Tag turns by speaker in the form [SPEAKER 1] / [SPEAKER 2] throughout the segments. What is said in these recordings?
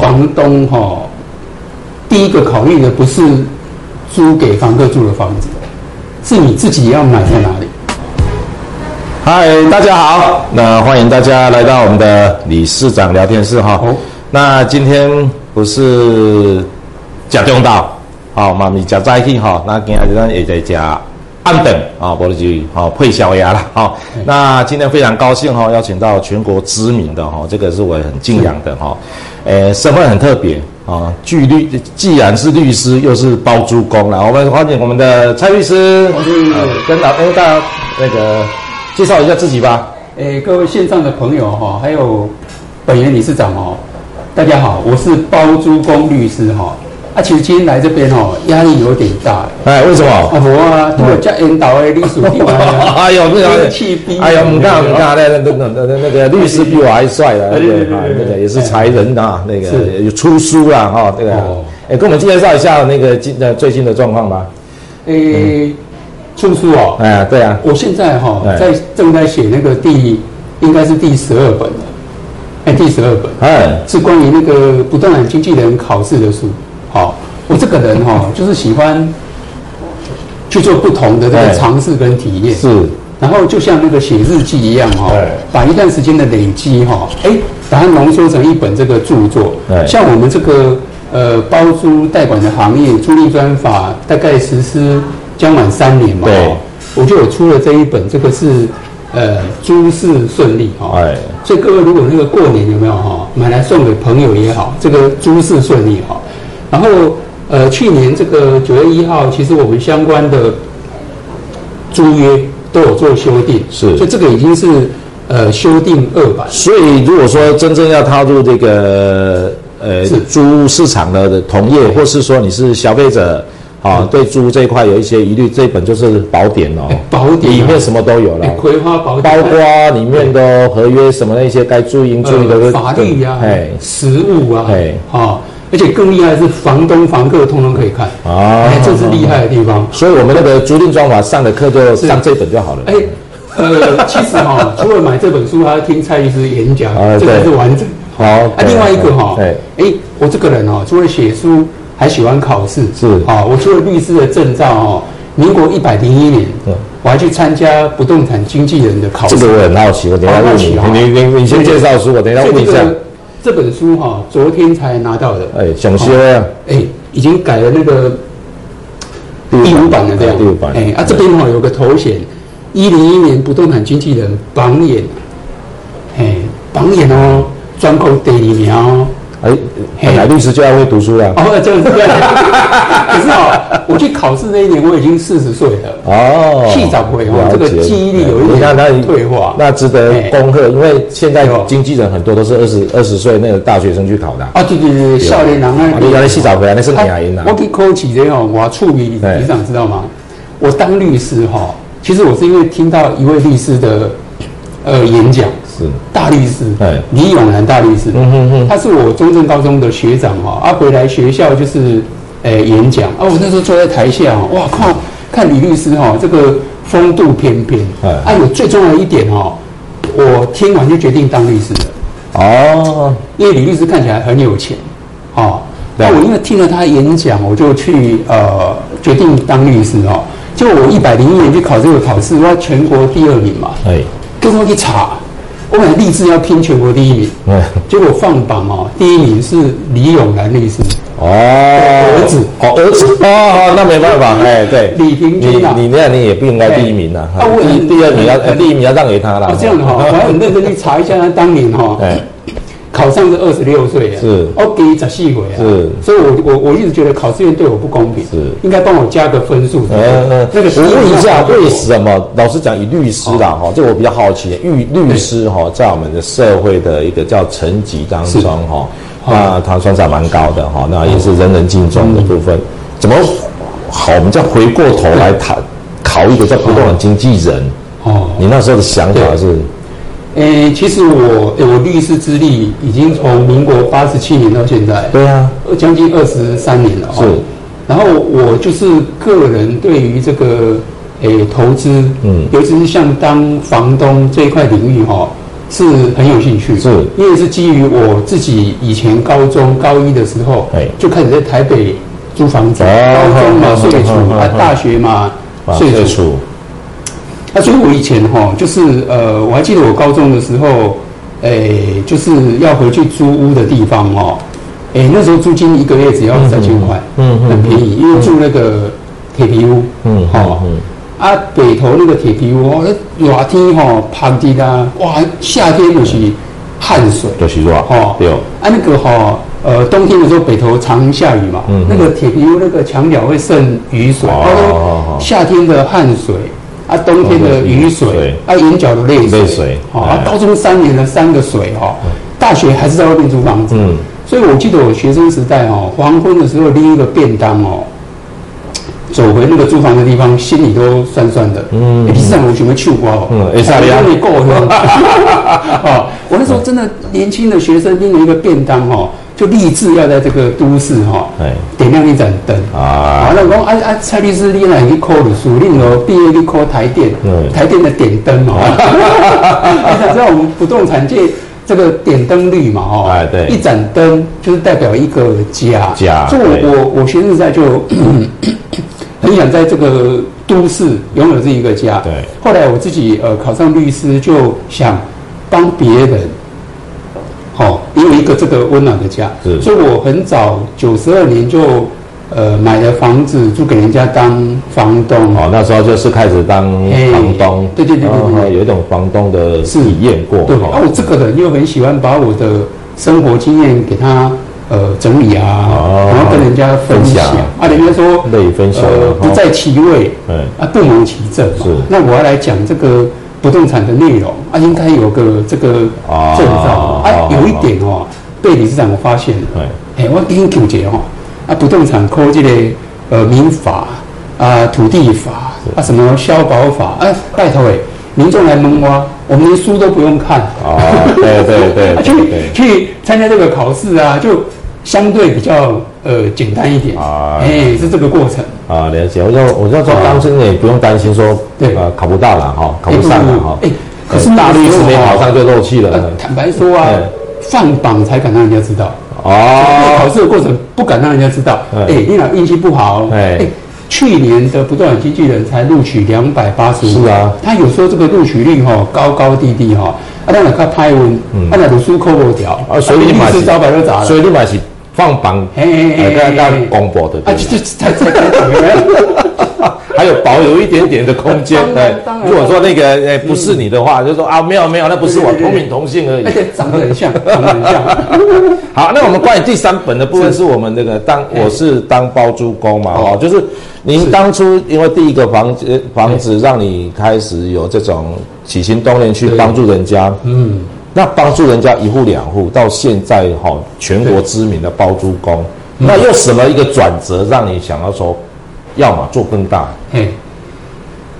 [SPEAKER 1] 房東哈、哦，第一個考慮的不是租給房客住的房子，是你自己要買在哪裡。
[SPEAKER 2] 嗨，大家好，好，那歡迎大家來到我們的理事長聊天室哈、哦。那今天不是假中道，好、哦、媽咪假在慶哈，那跟阿杰上也在家。半等啊，波主師好，配、哦、小牙了啊、哦嗯。那今天非常高興哈、哦，邀請到全國知名的哈、哦，這個是我很敬仰的哈、哦。誒、呃，身份很特別啊，既、哦、律既然是律師，又是包租公了。我們歡迎我們的蔡律師，呃、跟老跟大家那個介紹一下自己吧。
[SPEAKER 1] 誒，各位線上的朋友哈、哦，還有本源理事長哦，大家好，我是包租公律師哈、哦。其、啊、實今天來這邊哦，壓力有點大。哎，為什麼？我啊，我叫引導啊，律師嘛、啊啊。哎呦，那個氣逼！哎、啊、呦，唔大唔大那、啊、那、啊、
[SPEAKER 2] 那個律師比我還帥那個那個也是才人啊，哎、那個有出書啦哈，這、哦啊哦欸、跟我們介紹一下那個今、啊、最近的狀況吧、欸嗯。出書哦。哎、啊，對啊。我現在哈、哦、在，在正在寫那個
[SPEAKER 1] 第應該是第十二本了。第十二本，是關於那個不動產經紀人考試的書。好，我這個人哈、哦，就是喜歡去做不同的這個嘗試跟體驗。是，然後就像那個寫日記一樣哈、哦，把一段時間的累積哈、哦，哎，把它濃縮成一本這個著作。
[SPEAKER 2] 對，像我
[SPEAKER 1] 們這個呃包租代管的行業，租賃專法大概實施將滿三年嘛。對，我就有出了這一本，這個是呃諸事順利哈、哦。哎，所以各位如果那個過年有沒有哈、哦，買來送給朋友也好，這個諸事順利哈。然後，呃，去年這個九月一號，其實我們相關的租約都有做修訂，是，所以這個已經是
[SPEAKER 2] 呃修訂二版。所以，如果說真正要踏入這個呃租市場的同業，或是說你是消費者啊、嗯，對租這一塊有一些疑慮，這本就是寶典哦，哎、寶典、啊、裡面什麼都有了，哎、
[SPEAKER 1] 葵花寶典、啊，包括裡
[SPEAKER 2] 面的合約什麼那些該注意、呃、應注意的法律呀、啊、實、哎、物啊，哎，
[SPEAKER 1] 好、啊。而且更厲害的是，房東、房客通通可以看
[SPEAKER 2] 啊，哎，這是厲害的地方。啊啊啊啊、所以，我們那個租賃專法上的課就上這本就好了。哎、
[SPEAKER 1] 欸，呃， 其實哈、哦，除了買這本書，還要聽蔡律師演講、啊，這才、個、是完
[SPEAKER 2] 整。好、啊，另外一個哈、哦，哎、
[SPEAKER 1] 欸，我這個人哦，除了寫書，還喜歡考試。是啊、哦，我除了律師的證照哈，民國一百零一年、嗯，我還去參加不動產經紀人的考試。這個我很好
[SPEAKER 3] 奇，我
[SPEAKER 2] 等下問你。你你你先介紹書，我，等一下問一下。
[SPEAKER 1] 這本書哈、哦，昨天才拿到的。哎，搶先了。哎，已經改了那個第五
[SPEAKER 3] 版了，對啊。第五版。哎啊，這邊
[SPEAKER 1] 哈、哦、有個頭銜，一零一年不動產經紀人榜眼，哎，榜眼哦，專攻第二名哦哎，
[SPEAKER 2] 買律師就要會讀書啦。哦，就是
[SPEAKER 1] 這樣。對 可是哦、喔，我去考試那一年我已經四十歲
[SPEAKER 2] 了。哦，洗澡回來，這個記憶力有一點退化，那值得恭賀。因為現在經紀人很多都是二十二十歲那個大學生去考的啊。
[SPEAKER 1] 啊，對對對，對少年郎啊，你洗澡回來那是哪一年呢？我跟空氣人哦，我處理你，你想知道嗎？我當律師哈、喔，其實我是因為聽到一位律師的呃演講。大律師，李永然大律師，他是我中正高中的學長哈，啊，回來學校就是，欸、演講，啊我那時候坐在台下哇靠，看李律師哦、啊，這個風度翩翩，哎、啊，有最重要一點哦，我聽完就決定當律師了，哦，因為李律師看起來很有錢，哦、啊，那我因為聽了他演講，我就去呃決定當律師哦，就我一百零一年去考這個考試，我全國第二名嘛，結果一查。我本來立志要聽全國第一名， 結果放榜哦，第一名是李永楠律師
[SPEAKER 2] 哦，兒子哦，兒子哦，那沒辦法哎，對，李平君李你那樣你，你也不應該第一名啦、哎、啊。那問你第二名第一名要讓給他了、啊，這
[SPEAKER 1] 樣的話、哦、我很認真去查一下他 當年哈、哦，哎考上
[SPEAKER 2] 是二
[SPEAKER 3] 十
[SPEAKER 1] 六歲啊，是，OK 你怎死啊？是，所以我，我我我一直覺得考試院對我不公平，是，是應該幫我加個分數，對不對？那個，我問一下，為什
[SPEAKER 2] 麼？老實講，以律師啦，哈、哦哦，這我比較好奇，律律師哈、哦，在我們的社會的一個叫層級當中，哈，啊、哦，他算是還蠻高的哈、哦，那也是人人敬重的部分。嗯嗯、怎麼好？我們再回過頭來談考一個叫不動產經紀人。哦，你那時候的想法是？
[SPEAKER 1] 誒、欸，其實我、欸、我律師資歷已經從民國八十七年到現在，對啊，將近二十三年了、哦、是，然後我就是個人對於這個誒、欸、投資，嗯，尤其是像當房東這一塊領域哈、哦，是很有興趣。是，因為是基於我自己以前高中高一的時候，哎，就開始在台北租房子，哎、高中嘛稅厝，啊大學嘛稅厝。哼哼哼哼啊那所以，我以前哈、哦，就是呃，我還記得我高中的時候，誒、欸，就是要回去租屋的地方哦，誒、欸，那時候租金一個月只要三千塊，嗯嗯，很便宜、嗯，因為住那個鐵皮屋，嗯，哈、哦，嗯，啊，北投那個鐵皮屋，暖天哈、哦，趴地的，哇，夏天就是汗水，
[SPEAKER 2] 就是熱，哦，有、哦，
[SPEAKER 1] 啊那個哈、哦，呃，冬天的時候北投常下雨嘛，嗯，那個鐵皮屋那個牆角會滲雨水，哦，啊、夏天的汗水。啊，冬天的雨水，啊、哦，眼角的淚水，啊，高中、哦啊、三年的三個水、哦嗯，大學還是在外面租房子，嗯，所以我記得我學生時代、哦，黃昏的時候拎一個便當，哦，走回那個租房的地方，心裡都酸酸的，嗯，一、嗯、下、欸、我什麼去過，嗯，一下過夠
[SPEAKER 3] 了，
[SPEAKER 1] 我那時候真的年輕的學生拎了一個便當哦，哦就立志要在這個都市哈、哦，點亮一盞燈啊！完、啊、了，我、嗯、啊啊，蔡律師另外一考的書，另了，畢業一考台電、嗯，台電的點燈哦、嗯 哎。你知道我們不動產界這個點燈率嘛哦？
[SPEAKER 3] 哦、哎，一盞
[SPEAKER 1] 燈就是代表一個家。家，我我我現在就咳咳咳咳很想在這個都市擁有這一個家。對，後來我自己呃考上律師，就想幫別人。住一個這個溫暖的家，所以我很早九十二年就呃買了房子，租給人家當房
[SPEAKER 2] 東。哦，那時候就是開始當房東，對、欸、對對對對，有一種房東的體驗過。對，啊，我這個人又很喜歡把我的生活經驗給他呃
[SPEAKER 1] 整理啊、哦，然後跟人家分享。分享啊，
[SPEAKER 2] 人家說樂、呃、不在其
[SPEAKER 1] 位，哦、啊不謀其政。是，那我要來講這個。不動產的內容啊，應該有個這個證照啊，啊，啊，啊，啊，啊。有一點哦，吳理事長我發現，哎、欸，我給你總結哈，啊，不動產科這嘞、個、呃民法啊、土地法啊什麼消保法哎、啊，拜託哎，民眾來蒙我，我們連書都不用看啊，呵呵，
[SPEAKER 3] 對
[SPEAKER 2] 對對對對啊，對對對，
[SPEAKER 1] 去去參加這個考試啊就。相對比較呃簡單一點，啊哎、
[SPEAKER 2] 欸，
[SPEAKER 1] 是這個過程
[SPEAKER 2] 啊，了解。我就我就說，當事人也不用擔心說，對吧？考不到了哈，考不上了
[SPEAKER 1] 哈。哎、欸嗯喔欸，可是大律師沒考上就
[SPEAKER 2] 漏氣了、啊欸。坦白說啊，
[SPEAKER 1] 放、欸、榜才敢讓人家知道。
[SPEAKER 2] 哦、啊，因
[SPEAKER 1] 為考試的過程不敢讓人家知道。哎、啊欸，你倆運氣不好。哎、欸欸，去年的不動產經紀人才錄取兩百八十五是個、啊。他有時候這個錄取率哈，高高低低哈、啊啊。啊，那兩塊派文，啊，那讀書扣不掉、啊，所以你還是招、啊、白了咋？所以你
[SPEAKER 2] 還是。放榜 hey, hey, hey, hey, hey, hey, hey, hey. 要要廣播的。啊，還有保有一點點的空間的。 當當當對，如果說那個不是你的話，嗯、就說啊沒有沒有，那不是我對對對，同名同姓而已。而 長得很像，長得很像。 好，那我們關於第三本的部分是我們這個當是我是當包租公嘛、嗯，哦，就是您當初因為第一個房子、嗯、房子讓你開始有這種起心動念去幫助人家，嗯。那幫助人家一戶兩戶到現在哈全國知名的包租公，嗯、那又什麼一個轉折讓你想要說，要嘛做更大？哎，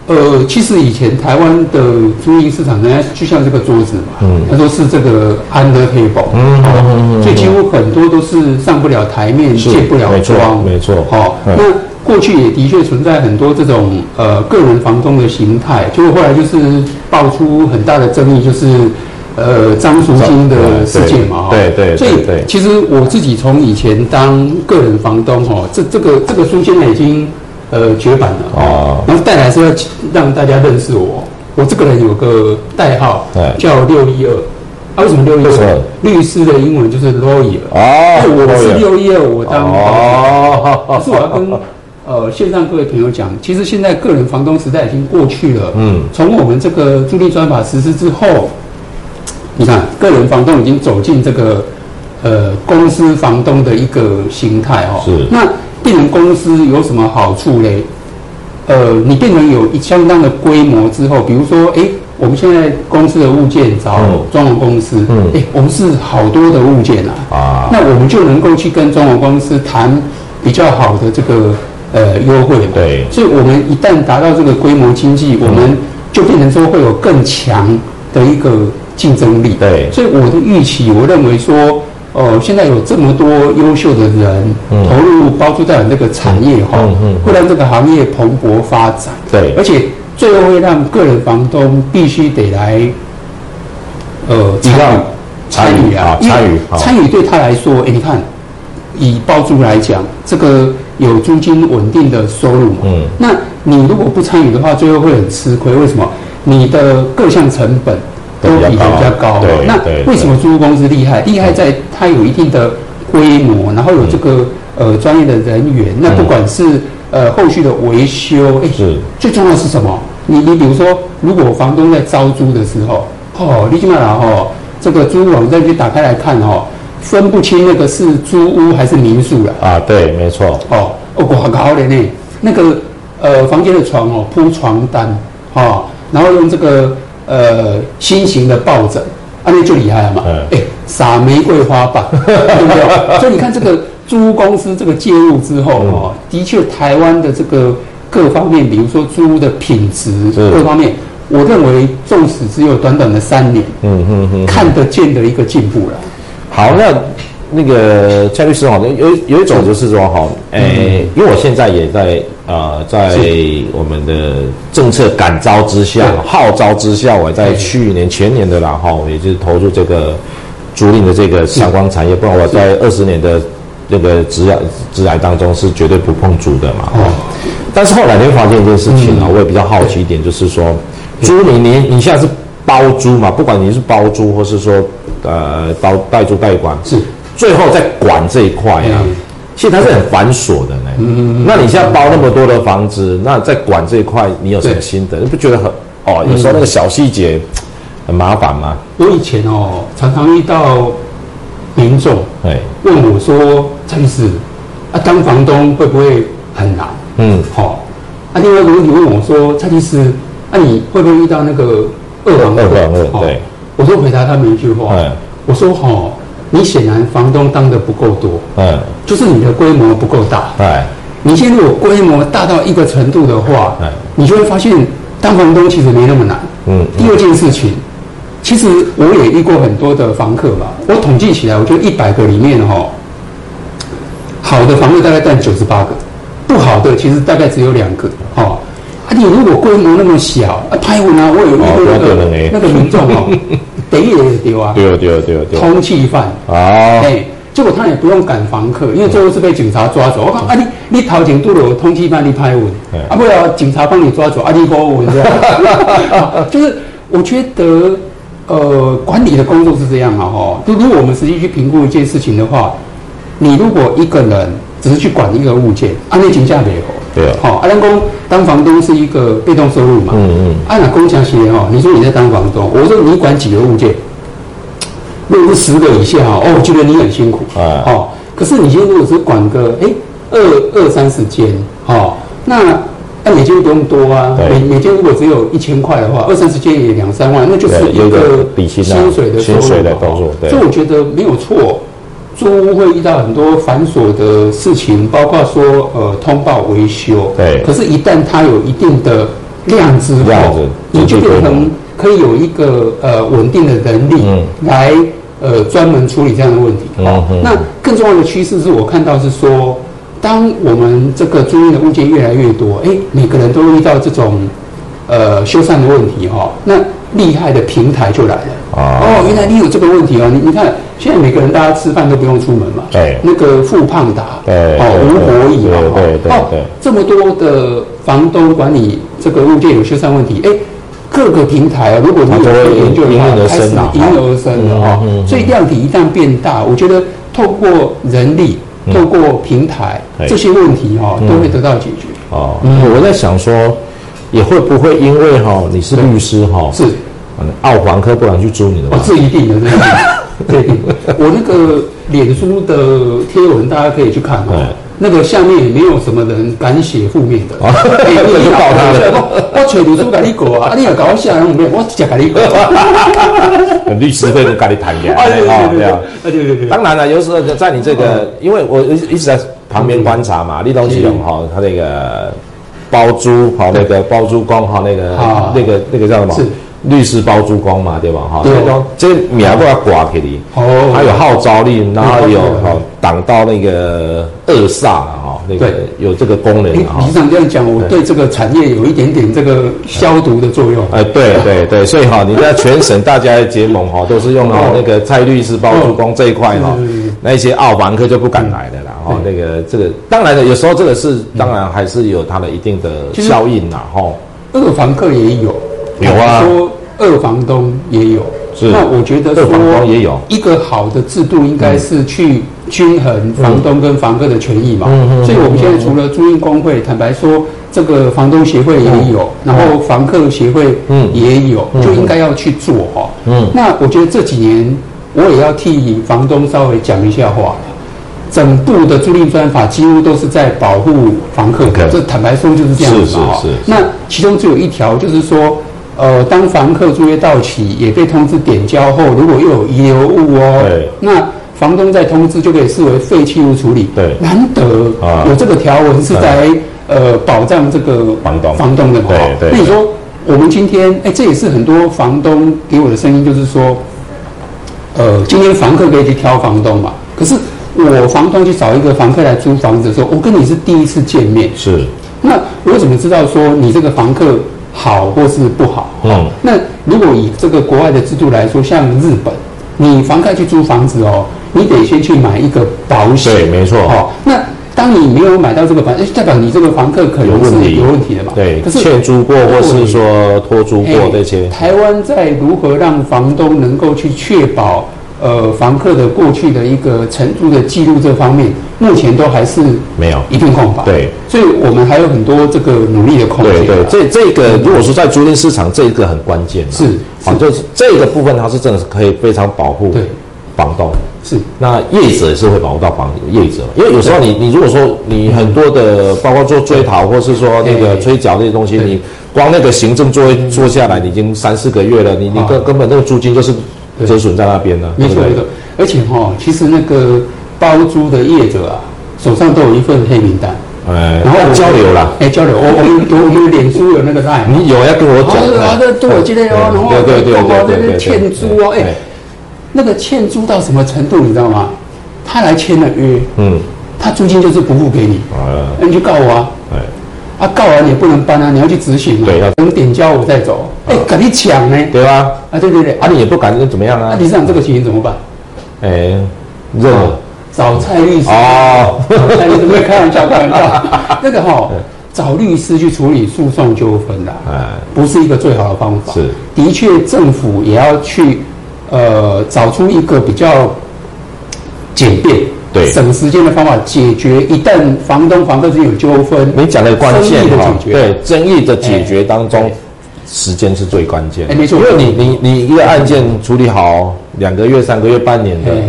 [SPEAKER 1] 呃，其實以前台灣的租賃市場呢，就像這個桌子嘛，嗯、它都是這個 under table，嗯，嗯，嗯，嗯，嗯、哦，所以幾乎很多都是上不了台面，卸不了妝，
[SPEAKER 2] 沒錯，哈。那、哦嗯、
[SPEAKER 1] 過去也的確存在很多這種呃個人房東的形態，結果後來就是爆出很大的爭議，就是。呃，張淑晶的世界嘛、哦，對對，對，所以其實我自己從以前當個人房東哦，這這個這個書現在已經呃絕版了哦。然後帶來是要讓大家認識我，我這個人有個代號，叫六一二，啊，為什麼六一二？律師的英文就是 lawyer 哦，啊、我是六一二，612，我當哦，啊、是我要跟、啊、呃線上各位朋友講，其實現在個人房東時代已經過去了，嗯，從我們這個租賃專法實施之後。你看，個人房東已經走進這個，呃，公司房東的一個形態哦。是。那變成公司有什麼好處嘞？呃，你變成有一相當的規模之後，比如說，哎，我們現在公司的物件找裝潢公司，哎、嗯，我們是好多的物件吶、啊，啊，那我們就能夠去跟裝潢公司談比較好的這個呃優惠嘛。對。所以，我們一旦達到這個規模經濟、嗯，我們就變成說會有更強的一個。競爭力對，所以我的預期，我認為說，呃，現在有這麼多優秀的人投入包租代管那個產業哈、哦嗯嗯嗯嗯，會讓這個行業蓬勃發展。對，而且最後會讓個人房東必須得來，呃，參與參與，參與啊，參與參與，參與對他來說，哎，欸，你看，以包租來講，這個有租金穩定的收入嘛，嗯，那你如果不參與的話，最後會很吃虧。為什麼？你的各項成本。都比人家較高，啊較高啊。那為什麼租屋公司厲害？厲害在它有一定的規模，嗯、然後有這個呃專業的人員。嗯、那不管是呃後續的維修，哎、嗯，是最重要的是什麼？你你比如說，如果房東在招租的時候，哦，你進來哈、哦，這個租屋網站去打開來看哈、哦，分不清那個是租屋還是民宿了。
[SPEAKER 2] 啊，對，沒錯。
[SPEAKER 1] 哦，哦，好高的呢，那個呃房間的床哦，鋪床單啊、哦，然後用這個。呃，新型的抱枕，啊，那就厲害了嘛。哎、嗯欸，撒玫瑰花瓣， 對不對，所以你看，這個租屋公司這個介入之後、嗯哦、的確，台灣的這個各方面，比如說租屋的品質，各方面，我認為，縱使只有短短的三年，嗯
[SPEAKER 2] 哼哼哼看
[SPEAKER 1] 得見的一個進步了。
[SPEAKER 2] 好那。那個蔡律師好像有有一種就是說哈，誒、哎嗯，因為我現在也在啊、呃，在我們的政策感召之下、號召之下，我在去年、嗯、前年的然後、哦、也就是投入這個租賃的這個相關產業、嗯。不然我在二十年的那個職涯職涯當中是絕對不碰租的嘛。哦，嗯、但是後來你會發現一件事情啊、嗯，我也比較好奇一點，就是說，嗯、租賃你你現在是包租嘛？不管你是包租或是說呃包代租代管是。最後在管這一塊啊，其實它是很繁瑣的
[SPEAKER 3] 呢。那你現在
[SPEAKER 2] 包那麼多的房子，那在管這一塊，你有什麼心得？你不覺得很哦？有時候那個小細節很麻煩嗎？
[SPEAKER 1] 我以前哦常常遇到民眾哎問我說，蔡律師啊，當房東會不會很難？嗯，好、哦。那、啊、另外一個問題問我說，蔡律師，那、啊、你會不會遇到那個二房東？二房東、哦、對。我說回答他們一句話，哎、嗯，我說好、哦。你顯然房東當的不夠多，嗯，就是你的規模不夠大，哎，你現在如果規模大到一個程度的話，你就會發現當房東其實沒那麼難，嗯。第二件事情、嗯，其實我也遇過很多的房客嘛，我統計起來，我覺得一百個裡面哈、哦，好的房客大概佔九十八個，不好的其實大概只有兩個，哦、啊你如果規模那麼小，啊太穩、啊、我也遇過、那個、哦、的那個民眾哈、哦。 等於也是丟啊！丟
[SPEAKER 2] 丟丟丟，通緝
[SPEAKER 1] 犯啊！哎，結果他也不用趕房客，因為最後是被警察抓走，嗯。我講、嗯、啊，你你頭前都有個通緝犯，你拍我、嗯。啊？不要警察幫你抓走啊，你給我穩這樣。就是我覺得，呃，管理的工作是這樣嘛，哈。就如果我們實際去評估一件事情的話，你如果一個人只是去管一個物件，按內情價給。啊沒、哦、好，阿良公當房東是一個被動收入嘛？嗯嗯、啊。按了工講起來哈，你說你在當房東，我說你管幾個物件？如果是十個以下，哦，我覺得你很辛苦啊、哦。好，可是你今天如果是管個哎、欸、二二三十間，哈、哦，那那、啊、每間不用多啊。每每間如果只有一千塊的話，二三十間也兩三萬，那就是一個薪水的收入，對薪的收入。薪水
[SPEAKER 2] 的工作，對，所以我覺
[SPEAKER 1] 得沒有錯。租屋會遇到很多繁瑣的事情，包括說呃通報維修，對。可是，一旦它有一定的量之後，你就有可能可以有一個呃穩定的人力來、嗯、呃專門處理這樣的問題、嗯哦嗯。那更重要的趨勢是我看到是說，當我們這個租賃的物件越來越多，哎，每個人都遇到這種呃修繕的問題哈、哦，那。厲害的平台就來了啊！哦，原來你有這個問題哦！你你看，現在每個人大家吃飯都不用出門嘛，對那個富胖達，哦，無火蟻嘛、哦對對對對對對，哦，這麼多的房東管理這個物件有修繕問題，哎、欸，各個平台、哦、如果你有調研，究的，話、啊、就有研究的話，開始應運而生了哈，所、啊、以、嗯嗯、量體一旦變大，我覺得透過人力、嗯、透過平台這些問題哈、哦嗯，都會得到解決
[SPEAKER 2] 啊！嗯，嗯嗯我在想說。也會不會因為哈，你是律師哈？是，澳房客不敢去租你的。哦，
[SPEAKER 1] 這一定的，這一定的。我那個臉書的貼文， 大家可以去看哈、哦、那個下面也沒有什麼人敢寫負面的。沒、哦、有、欸啊、就告
[SPEAKER 2] 他的。我全臉書搞你一 啊！你要搞我寫負面，我寫搞你一啊 律師費不跟你談的？啊，對啊，對對對。當然了，有時候在你這個，哦、因為我一直在旁邊觀察嘛，立東季榮哈，他那、這個。包租哈那個包租公哈那個、啊、那個那個叫什麼？律師包租公嘛對吧哈？對這還，這苗都要掛起的哦，它有號召力，然後有哈擋到那個惡煞哈，那個有這個功能。欸、你理事長這樣講，對我對這
[SPEAKER 1] 個產業有一點點這個消毒的作用。
[SPEAKER 2] 哎，對對對，對， 所以哈，你在全省大家的結盟哈，都是用了那個蔡律師包租公這一塊哈。那一些二房客就不敢來了啦，嗯。哦，那個這個，當然的，有時候這個是、嗯、當然還是有它的一定的效應啦。哈，二房客也有，有啊，說二房東也有。那我覺得說，二房東也有一
[SPEAKER 1] 個好的制度，應該是去均衡房東跟房客的權益嘛。嗯嗯嗯嗯嗯嗯，所以我們現在除了租賃公會，坦白說，這個房東協會也有，嗯、然後房客協會也有，嗯，就應該要去做哈、哦嗯嗯。那我覺得這幾年。我也要替房東稍微講一下話。整部的租賃專法幾乎都是在保護房客的，okay. 這坦白說就是這樣子嘛。是是是，是。那其中只有一條，就是說，呃，當房客租約到期，也被通知點交後，如果又有遺留物哦，對，那房東再通知就可以視為廢棄物處理。對，難得啊，我這個條文是在、嗯、呃保障這個房東房東的
[SPEAKER 3] 嘛。對對。那你說，
[SPEAKER 1] 我們今天，哎，這也是很多房東給我的聲音，就是說。呃，今天房客可以去挑房東嘛？可是我房東去找一個房客來租房子的時候，我跟你是第一次見面，是。那我怎麼知道說你這個房客好或是不好？嗯。哦，那如果以這個國外的制度來說，像日本，你房客去租房子哦，你得先去買一個
[SPEAKER 2] 保險，對，沒錯。哦，
[SPEAKER 1] 那。當你沒有買到這個房誒，代表你這個房客可能是有問題的吧？對，欠租過或、或是說
[SPEAKER 2] 拖租過這些。
[SPEAKER 1] 台灣在如何讓房東能夠去確保呃房客的過去的一個承租的記錄這方面，目前都還是
[SPEAKER 2] 沒有一片空白。對，所以我們還有很多這個努力的空間、啊。對對、對，這這個如果說在租賃市場這一個很關鍵，是反正、啊、這一個部分它是真的是可以非常保護對房東。是，那業者也是會保護到房子業者，因為有時候你你如果說你很多的包括做追討或是說那個催繳那些東西，你光那個行政做做下來，你已經三四個月了，你、啊、你根根本那個租金就是折損在那邊了、啊。沒錯沒錯，而且哈、
[SPEAKER 1] 哦，其實那個包租的業者啊，手上都有一份黑名單，哎，
[SPEAKER 2] 然後交流了、哎，
[SPEAKER 1] 交流，我、哦、 我們我們臉書有那個啊，你有要跟我講，啊，對，都、欸、有對對對對對對欠租哦，哎、欸。那個欠租到什麼程度，你知道嗎？他來簽了約，嗯，他租金就是不付給你，啊，你就告我啊，
[SPEAKER 3] 哎、
[SPEAKER 1] 啊，啊告完也不能搬啊，你要去執行嘛、啊，等點交我再走，哎、啊，趕、欸、緊搶哎、欸，對吧、啊？啊，對對對，啊，你也不敢那怎麼樣啊？啊，你想這個情形怎麼辦？哎、啊，肉、嗯啊、找蔡律師、嗯啊、蔡律師哦，你準備開玩笑開玩笑，， 那個哈、哦，找律師去處理訴訟糾紛的，哎，不是一個最好的方法，是，的確政府也要去。呃，找出一個比較簡便，對省時間的方法，解決一旦房東、房客之間有糾紛，你講的關鍵哈，
[SPEAKER 2] 對爭議的解決當中，欸、時間是最關鍵的。哎、欸，沒錯，因為你你你一個案件處理好，兩個月、三個月、半年的，欸、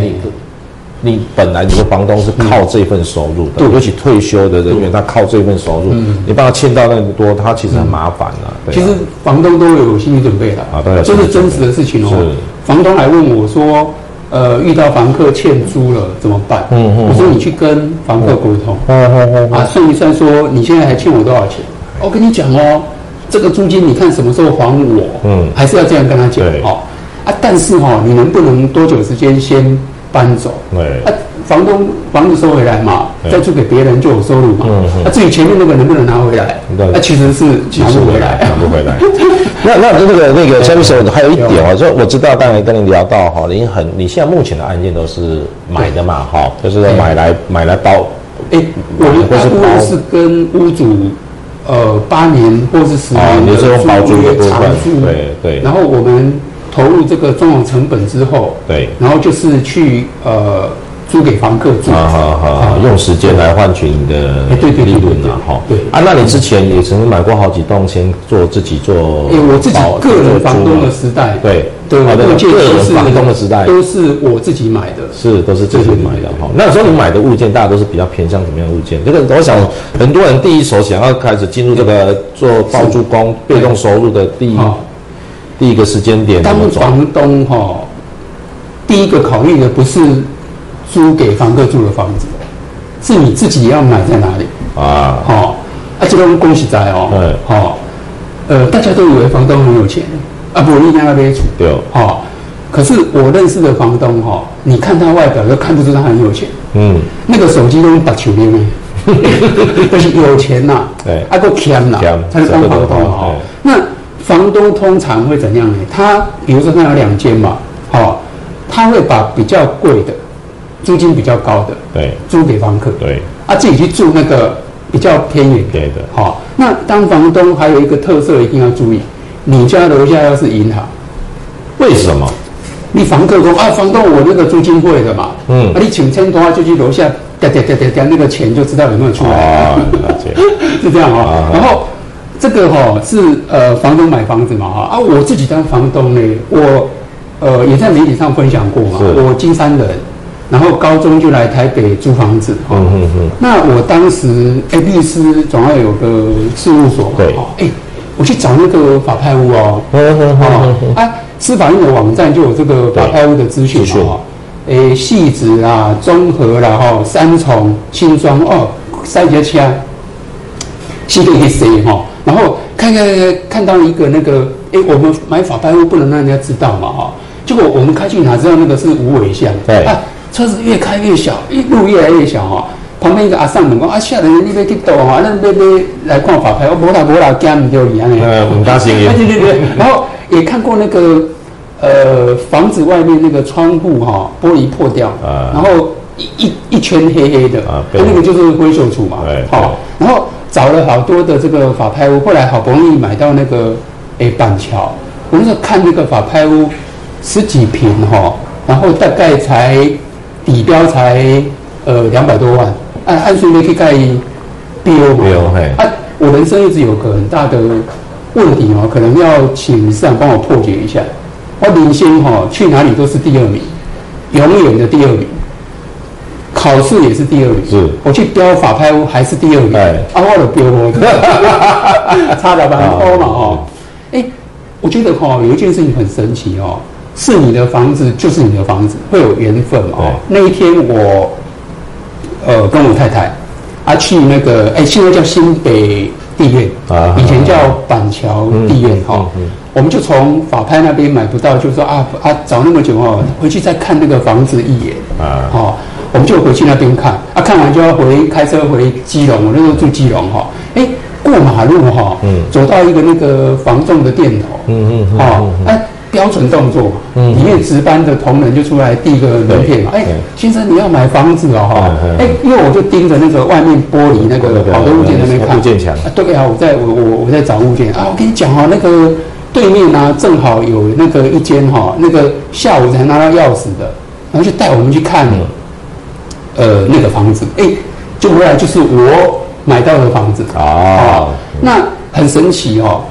[SPEAKER 2] 你你本來你的房東是靠這份收入的，的、嗯，對，尤其退休的人員，他靠這份收入，你幫他欠到那麼多，他其實很麻煩了、啊嗯啊。其實
[SPEAKER 1] 房東都有心理準備的啊，這、就是真實的事情哦。房東來問我說：“呃，遇到房客欠租了怎麼辦？”嗯嗯嗯、我說：“你去跟房客
[SPEAKER 3] 溝通、嗯嗯，啊，算、
[SPEAKER 1] 嗯、一算說，說你現在還欠我多少錢？我、哦、跟你講哦，這個租金你看什麼時候還我？嗯、
[SPEAKER 3] 還是要這樣跟他講、哦。
[SPEAKER 1] 啊，但是、哦、你能不能多久時間先搬走？”房東房子，收回來
[SPEAKER 2] 嘛，再租
[SPEAKER 1] 給別人就有收入嘛。那、啊、至於前面那個能不能拿回來，那、啊、其實是
[SPEAKER 2] 拿不回來。回來拿不回來。 那那那、這個那個，蔡律師，還有一點、啊，哦，說我知道，剛才跟你聊到哈，您很，你現在目前的案件都是買的嘛，哈，就是買來買來包。哎、欸，我們大部分是
[SPEAKER 1] 跟屋主，呃，八年或是十年的租、哦、約長租，對對。然後我們投入這個裝潢成本之後，對。然後就是去呃。租給房客住、啊，好好好，好，好，好，好，用
[SPEAKER 2] 時間來換取你的利潤啊，對對對對對對對啊！哈，對啊，對，對，對，對啊，那你之前也曾經買過好幾棟，先做自己做、欸，我自己個人房東的時代，對對，對，我個人房東的時代都
[SPEAKER 1] 是我自己買的
[SPEAKER 2] 是，都是自己買的哈。對對對對，那時候你買的物件，大家都是比較偏向什麼樣的物件？這個我想，很多人第一手想要開始進入這個做包租公、被動收入的第一第一個時間點，當房
[SPEAKER 1] 東哈，第一個考慮的不是。租給房客住的房子，是你自己要買在哪裡啊？好，而且他們恭喜宅哦。對、啊，好、哦嗯哦，呃，大家都以為房東很有錢啊，不，一天那邊住。對哦，可是我認識的房東哈、哦，你看他外表就看不出他很有錢。嗯，那個手機都是白球面的，但、嗯就是有錢吶、啊，啊夠強吶，他是大房東哦。那房東通常會怎樣呢？他比如說他有兩間嘛，好、哦，他會把比較貴的。租金比較高的，對，租給房客，對，啊、自己去住那個比較偏遠，的，好、哦。那當房東還有一個特色，一定要注意，你家樓下要是銀行，為什麼？你房客說啊，房東我那個租金貴的嘛，嗯，啊，你請簽的話就去樓下，噠噠噠噠噠，那個錢就知道有沒有出來，啊，哦、 是這樣、哦、啊。然後這個哈、哦、是呃，房東買房子嘛啊，啊，我自己當房東呢，我呃也在媒體上分享過嘛，我金山人。然後高中就來台北租房子、嗯、哼哼，那我當時誒、律師總要有個事務所對、哦。我去找那個法拍屋哦。嗯哼哼，哼。哦，司、啊、法院的網站就有這個法拍屋的資訊啊。沒錯。哎、就是，細值啊，綜合然、啊、後三重、新莊、哦三甲。西邊一些哈，然後看看看到一個那個，哎，我們買法拍屋不能讓人家知道嘛哈。結果我們開去哪知道那個是無尾巷。對。啊。車子越開越小，一路越來越小哈，哦。旁邊一個阿嬸講：“啊，嚇人！那邊去賭哈，那邊來逛法拍，我無啦無啦，驚唔到你安尼。”呃，很擔心。對對對。 然後也看過那個呃 房子外面那個窗戶哈，哦，玻璃破掉，啊然後一一一圈黑黑的，啊啊、那個就是灰受處嘛。好，哦，然後找了好多的這個法拍屋，後來好不容易買到那個 A 板橋。我們是看那個法拍屋十幾平哈，哦，然後大概才。底標才呃兩百多萬，按按稅沒去蓋標
[SPEAKER 3] 嘛。
[SPEAKER 1] 我人生一直有個很大的問題哦，可能要請市長幫我破解一下。我領先哈，去哪裡都是第二名，永遠的第二名。考試也是第二名，是。我去標法拍屋還是第二名，哎，阿旺的標，哈哈哈哈哈， 差的蠻多嘛哈。哎、哦，我覺得哈、哦、有一件事情很神奇哦。是你的房子，就是你的房子，會有緣分嘛、哦？哦，那一天我，呃，跟我太太，啊，去那個，哎，現在叫新北地院，
[SPEAKER 3] 啊，以前叫
[SPEAKER 1] 板橋地院，哈、啊嗯嗯嗯哦，我們就從法拍那邊買不到，就說啊啊，找、啊、那麼久哦，回去再看那個房子一眼，啊，哦，我們就回去那邊看，啊，看完就要回，開車回基隆，我那時候住基隆，哈、哦，哎，過馬路哈、哦嗯，走到一個那個房仲的店頭、
[SPEAKER 3] 哦，嗯嗯嗯，哎、嗯。嗯啊
[SPEAKER 1] 嗯標準動作、嗯，裡面值班的同仁就出來遞一個名片，哎、嗯欸嗯，先生、嗯、你要買房子哦、嗯欸、因為我就盯着那個外面玻璃那個好多物件在那看，嗯嗯啊、對呀、啊，我在我我我在找物件啊，我跟你講啊，那個對面啊正好有那個一間哈，那個下午才拿到鑰匙的，然後就帶我們去看、嗯，呃，那個房子，哎、欸，就回來就是我買到的房子、哦、啊，那很神奇哦。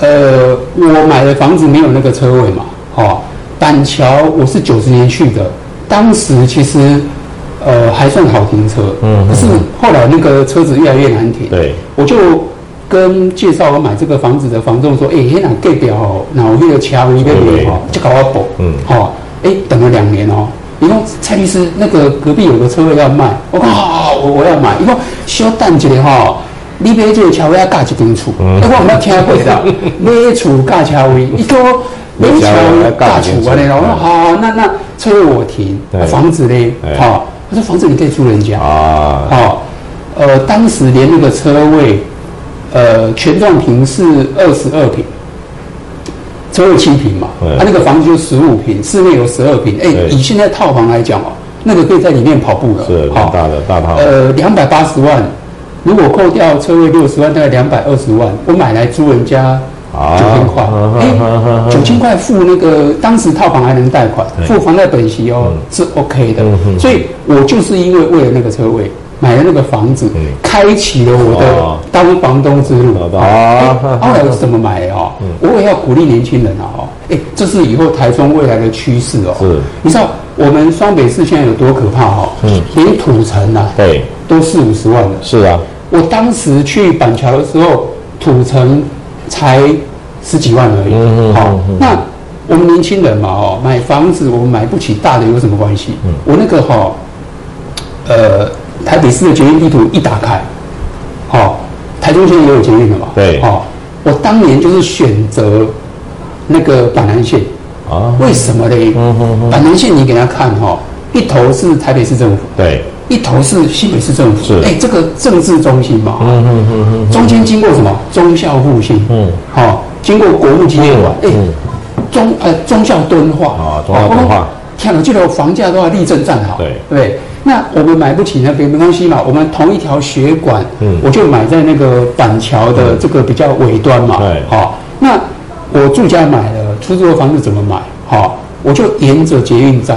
[SPEAKER 1] 呃，我買的房子沒有那個車位嘛，哦，板橋我是九十年去的，當時其實呃還算好停車，嗯，可是後來那個車子越來越難停，對，我就跟介紹我買這個房子的房東說，哎、欸，那蓋掉哦，那我又有車位可以留就搞阿寶，嗯，哦，哎、欸，等了兩年哦，你說蔡律師那個隔壁有個車位要賣，我講、哦、我要買，因為修單街哈。裡邊就車位要架一棟厝、嗯欸，我還沒有聽過 買厝架車位，一個買車位架厝安尼咯。好、嗯啊，那那車位我停，啊、房子咧，好、哦，我說房子你可以租人家。啊、哦，好，呃，當時連那個車位，呃，全幢坪是二十二坪，車位七坪嘛，他、啊、那個房子就十五坪，室內有十二坪。哎、欸，以現在套房來講哦，那個可以在裡面跑步了，是蠻大的,、哦、大,的大套房呃，兩百八十萬。如果扣掉車位六十萬，大概兩百二十萬。我買來租人家九千塊，九千塊付那個當時套房還能貸款，付房貸本息哦、嗯、是 OK 的、嗯嗯。所以我就是因為為了那個車位，買了那個房子，嗯、開啟了我的當房東之路好，後來我是怎麼買啊？我也要鼓勵年輕人啊！哦，哎、欸，這是以後台中未來的趨勢哦。你知道我們雙北市現在有多可怕哈、哦？嗯，連土城吶、
[SPEAKER 2] 啊，對，
[SPEAKER 1] 都四五十萬了。是啊。我當時去板橋的時候，土城才十幾萬而已。嗯嗯嗯、好、嗯嗯，那我們年輕人嘛，哦，買房子我們買不起大的有什麼關係？嗯、我那個哈、哦，呃，台北市的捷運地圖一打開，好、哦，台中線也有捷運了嘛。對，好、哦，我當年就是選擇那個板南線。啊？為什麼呢、嗯嗯嗯？板南線你給他看哈、哦，一頭是台北市政府。對。一頭是台北市
[SPEAKER 3] 政府，哎、欸，這
[SPEAKER 1] 個政治中心嘛，嗯嗯嗯嗯，中間經過什麼、嗯、忠孝復興，嗯，好、喔，經過國父紀念館，哎、
[SPEAKER 3] 嗯
[SPEAKER 1] 欸嗯，呃忠孝敦化，啊忠孝敦化，天、啊、哪，這條、啊、房價都要立正站好，對對，對，那我們買不起那邊東西嘛，我們同一條血管、嗯，我就買在那個板橋的這個比較尾端嘛，嗯嗯、對，好、啊，那我住家買了，出租房子怎麼買？好、啊，我就沿着捷運站。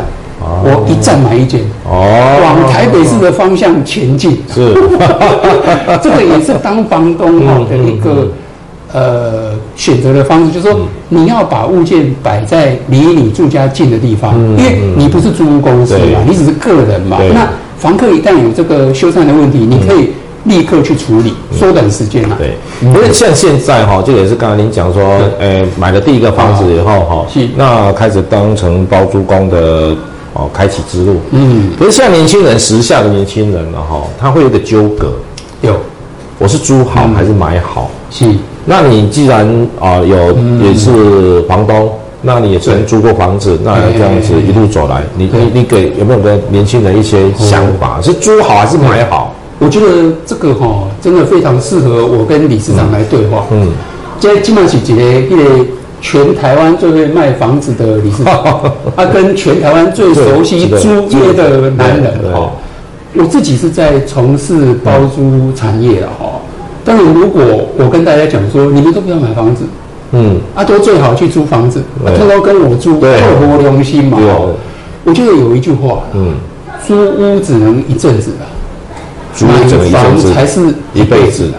[SPEAKER 1] 我一站買一間、哦，往台北市的方向前進。是呵呵哈哈，這個也是當房東、啊、嗯、的一個、嗯、呃選擇的方式、嗯嗯，就是說你要把物件擺在離你住家近的地
[SPEAKER 2] 方，嗯、因為你不
[SPEAKER 1] 是租屋公司嘛、啊，你只是個人嘛。那房客一旦有這個修繕的問題、嗯，你可以立刻去處理，縮、嗯、短時間嘛、
[SPEAKER 2] 啊。對，因為像現在哈、哦，這也是剛剛您講說，呃、欸，買了第一個房子以後哈，那開始當成包租公的。哦哦好、哦、開啟之路。嗯，可是現在年輕人，人，時下的年輕人，然哈他會有點糾葛。有，我是租好還是買好？嗯、是。那你既然啊、呃、有、嗯、也是房東，那你也曾租過房子，那這樣子一路走來，你你你給有沒有給年輕人一些想法、嗯？是租好還是買好？嗯、
[SPEAKER 1] 我覺得這個哈、哦，真的非常適合我跟理事長來對話。嗯，今天來請問幾位？一位、那。個全台灣最會賣房子的理事長，他跟全台灣最熟悉租約的男人、啊、我自己是在從事包租產業的哈。但是如果我跟大家講說，你們都不要買房子，嗯，啊都最好去租房子、啊，他都跟我租，刻薄良心嘛。我記得有一句話，嗯，租屋只能一陣子的，買房才是一輩子
[SPEAKER 2] 的。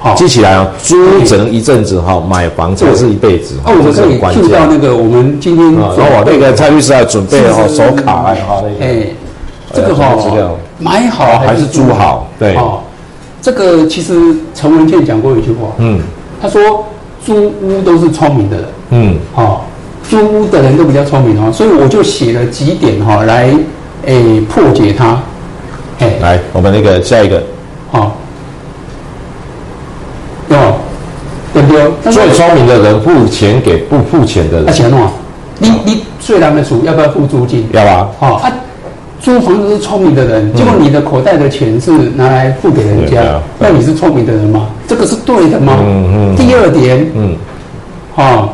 [SPEAKER 1] 好記起來啊、哦，租只能
[SPEAKER 2] 一陣子哈、哦，買房子是一輩子，哦，我這裡、就是、關注到那
[SPEAKER 1] 個我們今天、啊，然後我那個蔡律師啊，準備了哦是是，手卡啊，這個、哎、哎，這個哈、哦哦，買好還是、哦、還是租好？對，哦，這個其實陳文健講過一句話，嗯，嗯他說租屋都是聰明的人，
[SPEAKER 2] 嗯，哈、
[SPEAKER 1] 哦，租屋的人都比較聰明哦，所以我就寫了幾點哈、哦，來，哎，破解它，
[SPEAKER 2] 哎，來，我們那個下一個。最聰明的人付錢給不付錢的人，那弄啊？
[SPEAKER 1] 你你最難的租，要不要付租金？要、哦、啊。他租房子是聰明的人、嗯，結果你的口袋的錢是拿來付給人家，嗯、那你是聰明的人嗎？這個是對的嗎？嗯嗯，嗯。第二點，嗯、啊、哦，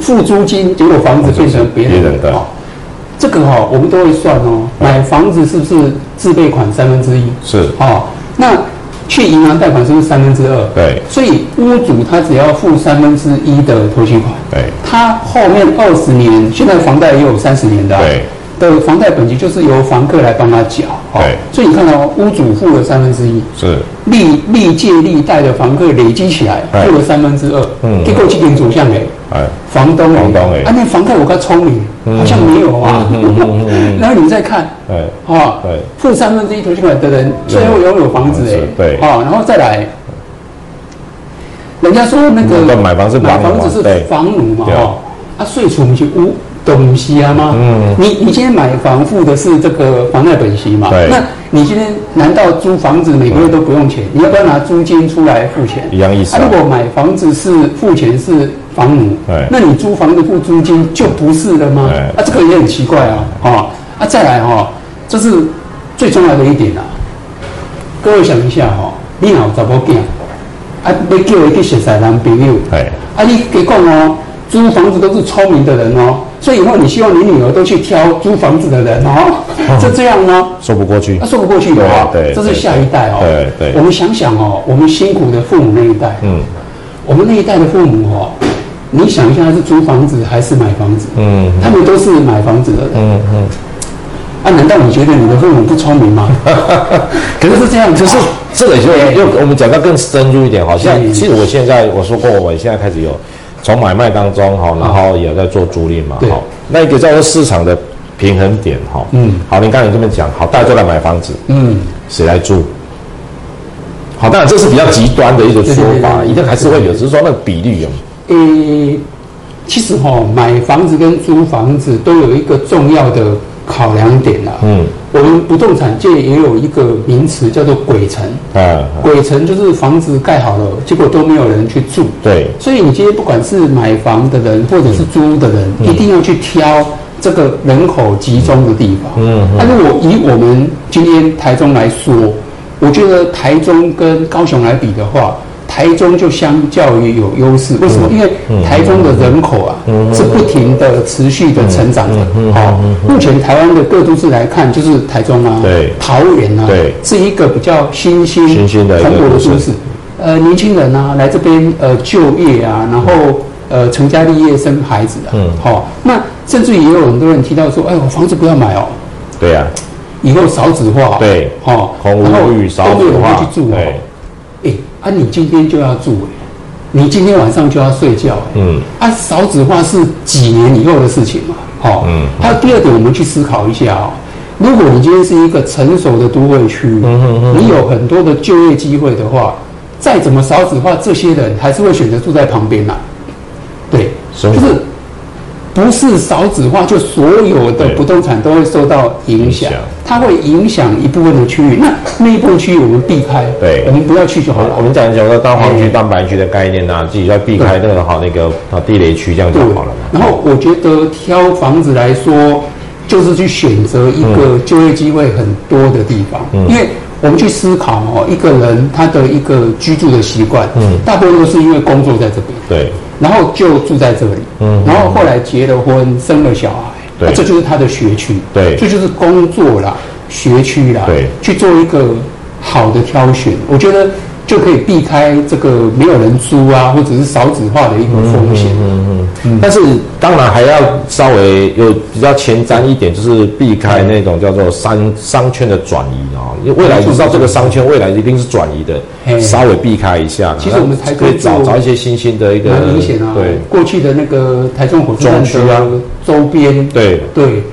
[SPEAKER 1] 付租金結果房子變成別人、嗯，就是、別人的、哦，這個哈、哦、我們都會算哦、嗯。買房子是不是自備款三分之一？是。哦，那。去銀行貸款是不是三分之二？對，所以屋主他只要付三分之一的頭期款。他後面二十年，現在房貸也有三十年的、啊。對，的房貸本金就是由房客來幫他繳。哦、所以你看到屋主付了三分之一，是歷歷屆歷代的房客累積起來付了三分之二，嗯、結構起點走向哎。哎。房東哎、欸欸，啊，那房客有比較聰明、嗯，好像沒
[SPEAKER 3] 有啊。嗯嗯嗯嗯、 然後你再看，哎，啊、
[SPEAKER 1] 哦，付三分之一頭就來的人，
[SPEAKER 2] 最後擁有房子哎、欸，對，啊、
[SPEAKER 1] 哦，然後再來，人家說那個、嗯、
[SPEAKER 2] 那買房子，買房子是房
[SPEAKER 1] 奴嘛，啊他稅出你去屋東西啊嗎？
[SPEAKER 3] 嗯，你
[SPEAKER 1] 你今天買房付的是這個房貸本息嘛？對，那你今天難道租房子每個月都不用錢？嗯、你要不要拿租金出來付錢？一樣意思、啊啊。如果買房子是付錢是。房奴，那你租房子的付租金就不是了嗎？啊，這個也很奇怪、哦哦、啊！啊再來哈、哦，這是最重要的一點啊。各位想一下哈、哦，你哪有這麼賤？啊，你給我一個小實在朋友，啊，你給講哦，租房子都是聰明的人哦，所以以後你希望你女兒都去挑租房子的人哦，就、嗯、 這樣呢
[SPEAKER 2] 說不過去，啊、說不過去的話、哦，對，這是下一代哦。對對、對，我們
[SPEAKER 1] 想想哦，我們辛苦的父母那一代，嗯，我們那一代的父母哦。嗯你想一下，是租房子還是買房子？
[SPEAKER 3] 嗯，他們都
[SPEAKER 1] 是買房子的。嗯嗯。啊？難道你覺得你的父母不聰明嗎？
[SPEAKER 2] 可是，是這樣，就是、哦哦、這個就又我們講到更深入一點，好像其實我現在我說過，我現在開始有從買賣當中哈，然後也在做租賃嘛、啊。好，那一個叫做市場的平衡點哈。嗯。好，你剛才這邊講好，大家都來買房子，
[SPEAKER 3] 嗯，
[SPEAKER 2] 誰來住？好，當然這是比較極端的一種說法對對對對，一定還是會有只是、就是說那個比率有
[SPEAKER 1] 誒、欸，其實哈、哦，買房子跟租房子都有一個重要的考量點
[SPEAKER 2] 了、
[SPEAKER 3] 啊。
[SPEAKER 1] 嗯，我們不動產界也有一個名詞叫做“鬼城”
[SPEAKER 3] 啊。啊，鬼
[SPEAKER 1] 城就是房子蓋好了，結果都沒有人去住。對，所以你今天不管是買房的人或者是租的人，嗯，一定要去挑這個人口集中的地方。
[SPEAKER 3] 嗯、嗯。嗯，但如果
[SPEAKER 1] 以我們今天台中來說，我覺得台中跟高雄來比的話。台中就相較於有優勢，為什麼？因為台中的人口啊、嗯嗯嗯嗯、是不停地持續地成長的。
[SPEAKER 3] 好、嗯嗯嗯嗯嗯哦，目前
[SPEAKER 1] 台灣的各都市來看，就是台中啊、對桃園啊，對是一個比較新興、蓬勃的都市。新新的呃，年輕人啊來這邊呃就業啊，然後、嗯、呃成家立業、生孩子啊。好、嗯哦，那甚至也有很多人提到說：“哎呦，我房子不要買哦。”
[SPEAKER 2] 對啊，
[SPEAKER 1] 以後少子化。對，哦，然後都沒有人會去住了啊，你今天就要住、欸，你今天晚上就要睡覺、欸。嗯，啊，少子化是幾年以後的事情嘛？好、哦，嗯。還、嗯、有第二點，我們去思考一下啊、哦。如果你今天是一個成熟的都會區、嗯嗯嗯，你有很多的就業機會的話，再怎麼少子化，這些人還是會選擇住在旁邊吶、啊。對，就是不是少子化，就所有的不動產都會受到影響。它會影響一部分的區域，那那一部分區域我們避開，
[SPEAKER 2] 對，我們不要去就好了。我，我們講講到大黃區、大、嗯、白區的概念啊，自己就要避開那個好那個好地雷區，這樣就好了。
[SPEAKER 1] 然後我覺得挑房子來說，就是去選擇一個就業機會很多的地方，嗯，因為我們去思考哦，一個人他的一個居住的習慣，嗯，大多都是因為工作在這邊，對，然後就住在這裡，嗯，然後後來結了婚，嗯、生了小孩。啊，這就是他的學區，對，這就是工作啦，學區啦，對，去做一個好的挑選，我覺得。就可以避開這個沒有人租啊，或者是少子化的一個風險。嗯嗯，嗯，
[SPEAKER 2] 嗯，但是當然還要稍微有比較前瞻一點，就是避開那種叫做商商圈的轉移
[SPEAKER 3] 啊，哦。因為未來不知道
[SPEAKER 2] 這個商圈未來一定是轉移的，嗯，稍微避開一下，其實我們才可以找找一些新興的一個很明顯啊。對
[SPEAKER 1] 過去的那個台中火車站中區啊，
[SPEAKER 2] 周邊對對。對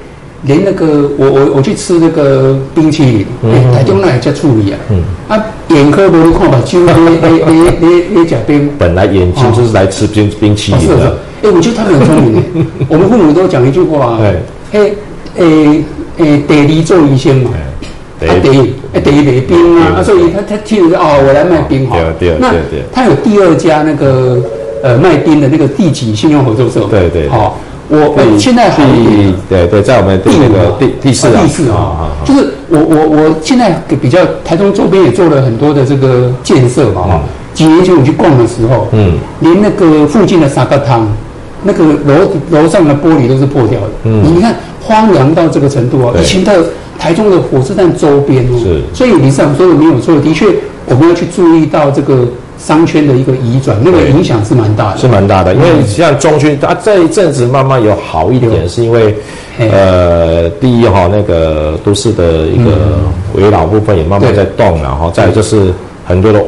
[SPEAKER 1] 連那個我我我去吃那個冰淇淋，大眾那也叫處理啊。嗯。啊，眼科我都看吧，就來來來來來來講冰。
[SPEAKER 2] 本來眼睛就是來吃冰、哦、冰淇淋的。哎、哦
[SPEAKER 1] 欸，我覺得他很聰明的。 我們父母都講一句話。對、欸。哎哎哎，第二做醫生嘛，第一、第一、第一、第一冰啊、嗯、啊，所以他他，他聽說哦，我來賣冰。
[SPEAKER 3] 哦哦哦對對
[SPEAKER 1] 對那。那他有第二家那個呃賣冰的那個第幾信用合作社？對對。好。我，我們現在是，
[SPEAKER 2] 對對，在我們第那個地地四啊，啊啊啊 oh, oh, oh, oh,
[SPEAKER 1] 就是我我我現在比較台中周邊也做了很多的這個建設啊。Um, 幾年前我去逛的時候，嗯、um,，連那個附近的沙鍋湯，那個樓樓上的玻璃都是破掉的。嗯、um,，你看荒涼到這個程度啊。以前的台中的火車站周邊哦，um, 所以理事長說的沒有錯，的確我們要去注意到這個。商圈的一個移轉，那個影響是蠻
[SPEAKER 2] 大的，是蠻大的。因為像中區，它、嗯啊、這一陣子慢慢有好一點，是因為，呃，第一哈、哦，那個都市的一個危老部分也慢慢在動，嗯、然後，再就是很多的，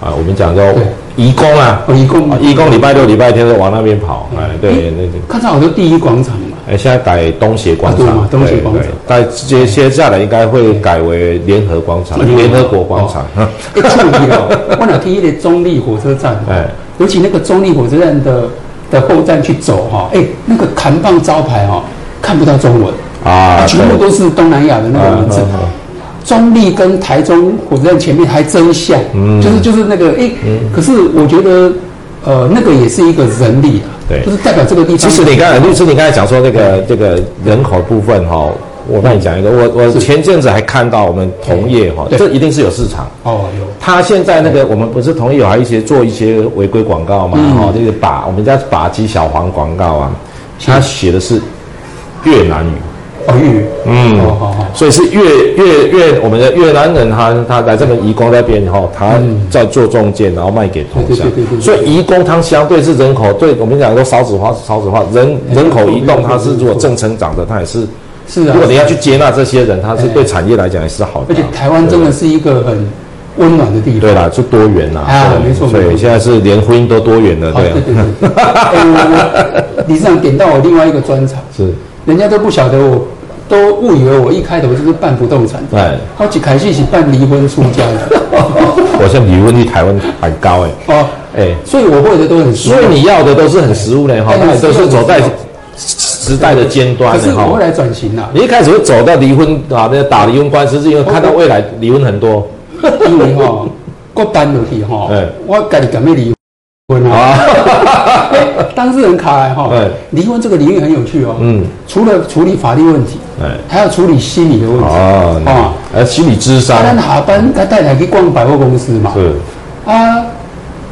[SPEAKER 2] 啊，我們講叫移工啊，移工，啊、移工禮拜六、禮拜天都往那邊跑，哎，對，對欸、那種、個。看着好像第一廣場。哎，現在改東協廣場，東協廣場、啊、對對，但接接下來應該會改為聯合廣場、嗯，聯合國廣場、嗯。哦萬老第一的中立火車站，哎、哦，尤其那個
[SPEAKER 1] 中立火車站的的後站去走哈，哎，那個扛棒招牌哈，看不到中文
[SPEAKER 3] 啊，啊，全部都是
[SPEAKER 1] 東南亞的那個名字、啊啊啊。中立跟台中火車站前面還真像，嗯，就是就是那個哎、嗯，可是我覺得。呃，那個也是一個人力、
[SPEAKER 2] 啊、對，就是代表這個地方。其實你剛才律師，你剛才講說那、這個這個人口部分哈、哦，我幫你講一個，我我前陣子還看到我們同業哈、哦，這一定是有市場哦。有。他現在那個我們不是同業有，還一些做一些違規廣告嘛？哦、嗯，這個把我們家把雞小黃廣告啊、嗯，他寫的是越南語。嗯
[SPEAKER 1] 哦，越嗯，好好好，
[SPEAKER 2] 所以是越越越我們的越南人，他他來這邊移工那邊以後他在做中介，然後賣給同鄉、嗯。所以移工它相對是人口，對我們講說少子化是少子化，人、欸、人口移動，它、欸、是，是如果正成長的，它也是是
[SPEAKER 1] 啊。是啊，如果你要去
[SPEAKER 2] 接納這些人，他是對產業來講也是好的、啊。而
[SPEAKER 1] 且台灣真的是一個很
[SPEAKER 2] 溫暖的地方，對啦、啊，就、啊、多元啦啊，沒錯。所以現在是連婚姻都多元了，對啊。
[SPEAKER 1] 你是想點到我另外一個專場是。人家都不曉得我，都誤以為我一開頭就是辦不動產的。好幾台戲是辦離婚、
[SPEAKER 2] 出家的。 好像離婚率台灣很高誒。哦、啊，誒、欸，所以我會的都很熟。所以你要的都是很實務的哈，你都，都是走在時代的尖端。可是我會
[SPEAKER 1] 來轉型了、啊
[SPEAKER 2] 喔。你一開始會走到離婚啊，打離婚官司，是因為看到未來離婚很多。Okay. 因為哈、喔，各單獨去哈、喔。我家裡準備離婚。 啊哈哈哈哈
[SPEAKER 1] 欸，當事人卡來哈，對，離婚這個領域很有趣哦。嗯，除了處理法律問題，哎，還要處理心理的問題啊。啊，而、啊、心理諮商。啊、跟他哪班？他太太去逛百貨公司嘛？是啊，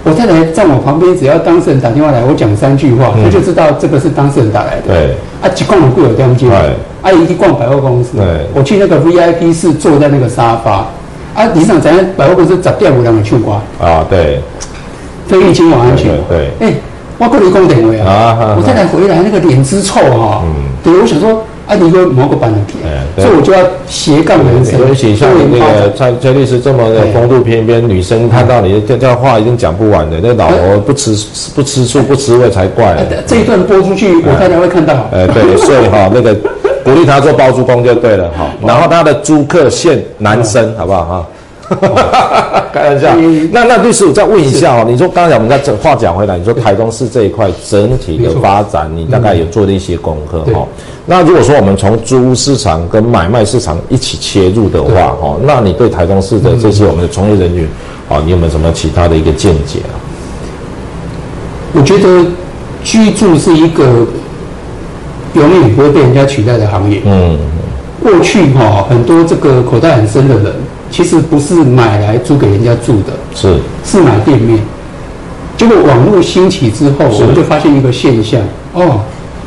[SPEAKER 1] 我太太在我旁邊，只要當事人打電話來，我講三句話，嗯、他就知道這個是當事人打來的。對，啊，去逛我貴友店近。對、啊，阿姨去逛百貨公司，對，我去那個 VIP 室坐在那個沙發，啊，你想咱百貨公司十點我兩個去逛啊？對。菲律賓
[SPEAKER 2] 網
[SPEAKER 1] 絡安全。對，哎、欸，我個人觀點為啊，我太太回來那個臉之臭哈、喔嗯，對，我想說，哎、啊，你個蘑菇般點皮，所以我就要
[SPEAKER 2] 斜槓人生。尤其像那個蔡蔡律師這麼的風度翩翩，女生看到你這這話已經講不完的、嗯，那老婆不吃、啊、不吃醋不吃味才怪、啊啊。這一段播出去，嗯、我太太會看到。哎、欸，對，所以哈， 那個鼓勵她做包租公就對了哈、嗯。然後她的租客現男生，嗯，好不好哈？啊哈哈哈，開玩笑。那那律師，我再問一下哦。你說剛才我們再這話講回來，你說台中市這一塊整體的發展，你大概有做了一些功課哦、嗯。那如果說我們從租屋市場跟買賣市場一起切入的話哦，那你對台中市的，這些我們的從業人員啊、嗯，你有沒有什麼其他的一個見解啊？
[SPEAKER 1] 我覺得居住是一個永遠不會被人家取代的行
[SPEAKER 3] 業。
[SPEAKER 1] 嗯，過去哈、哦、很多這個口袋很深的人。其實不是買來租給人家住的，是是買店面。結果網絡興起之後，我們就發現一個現象，哦，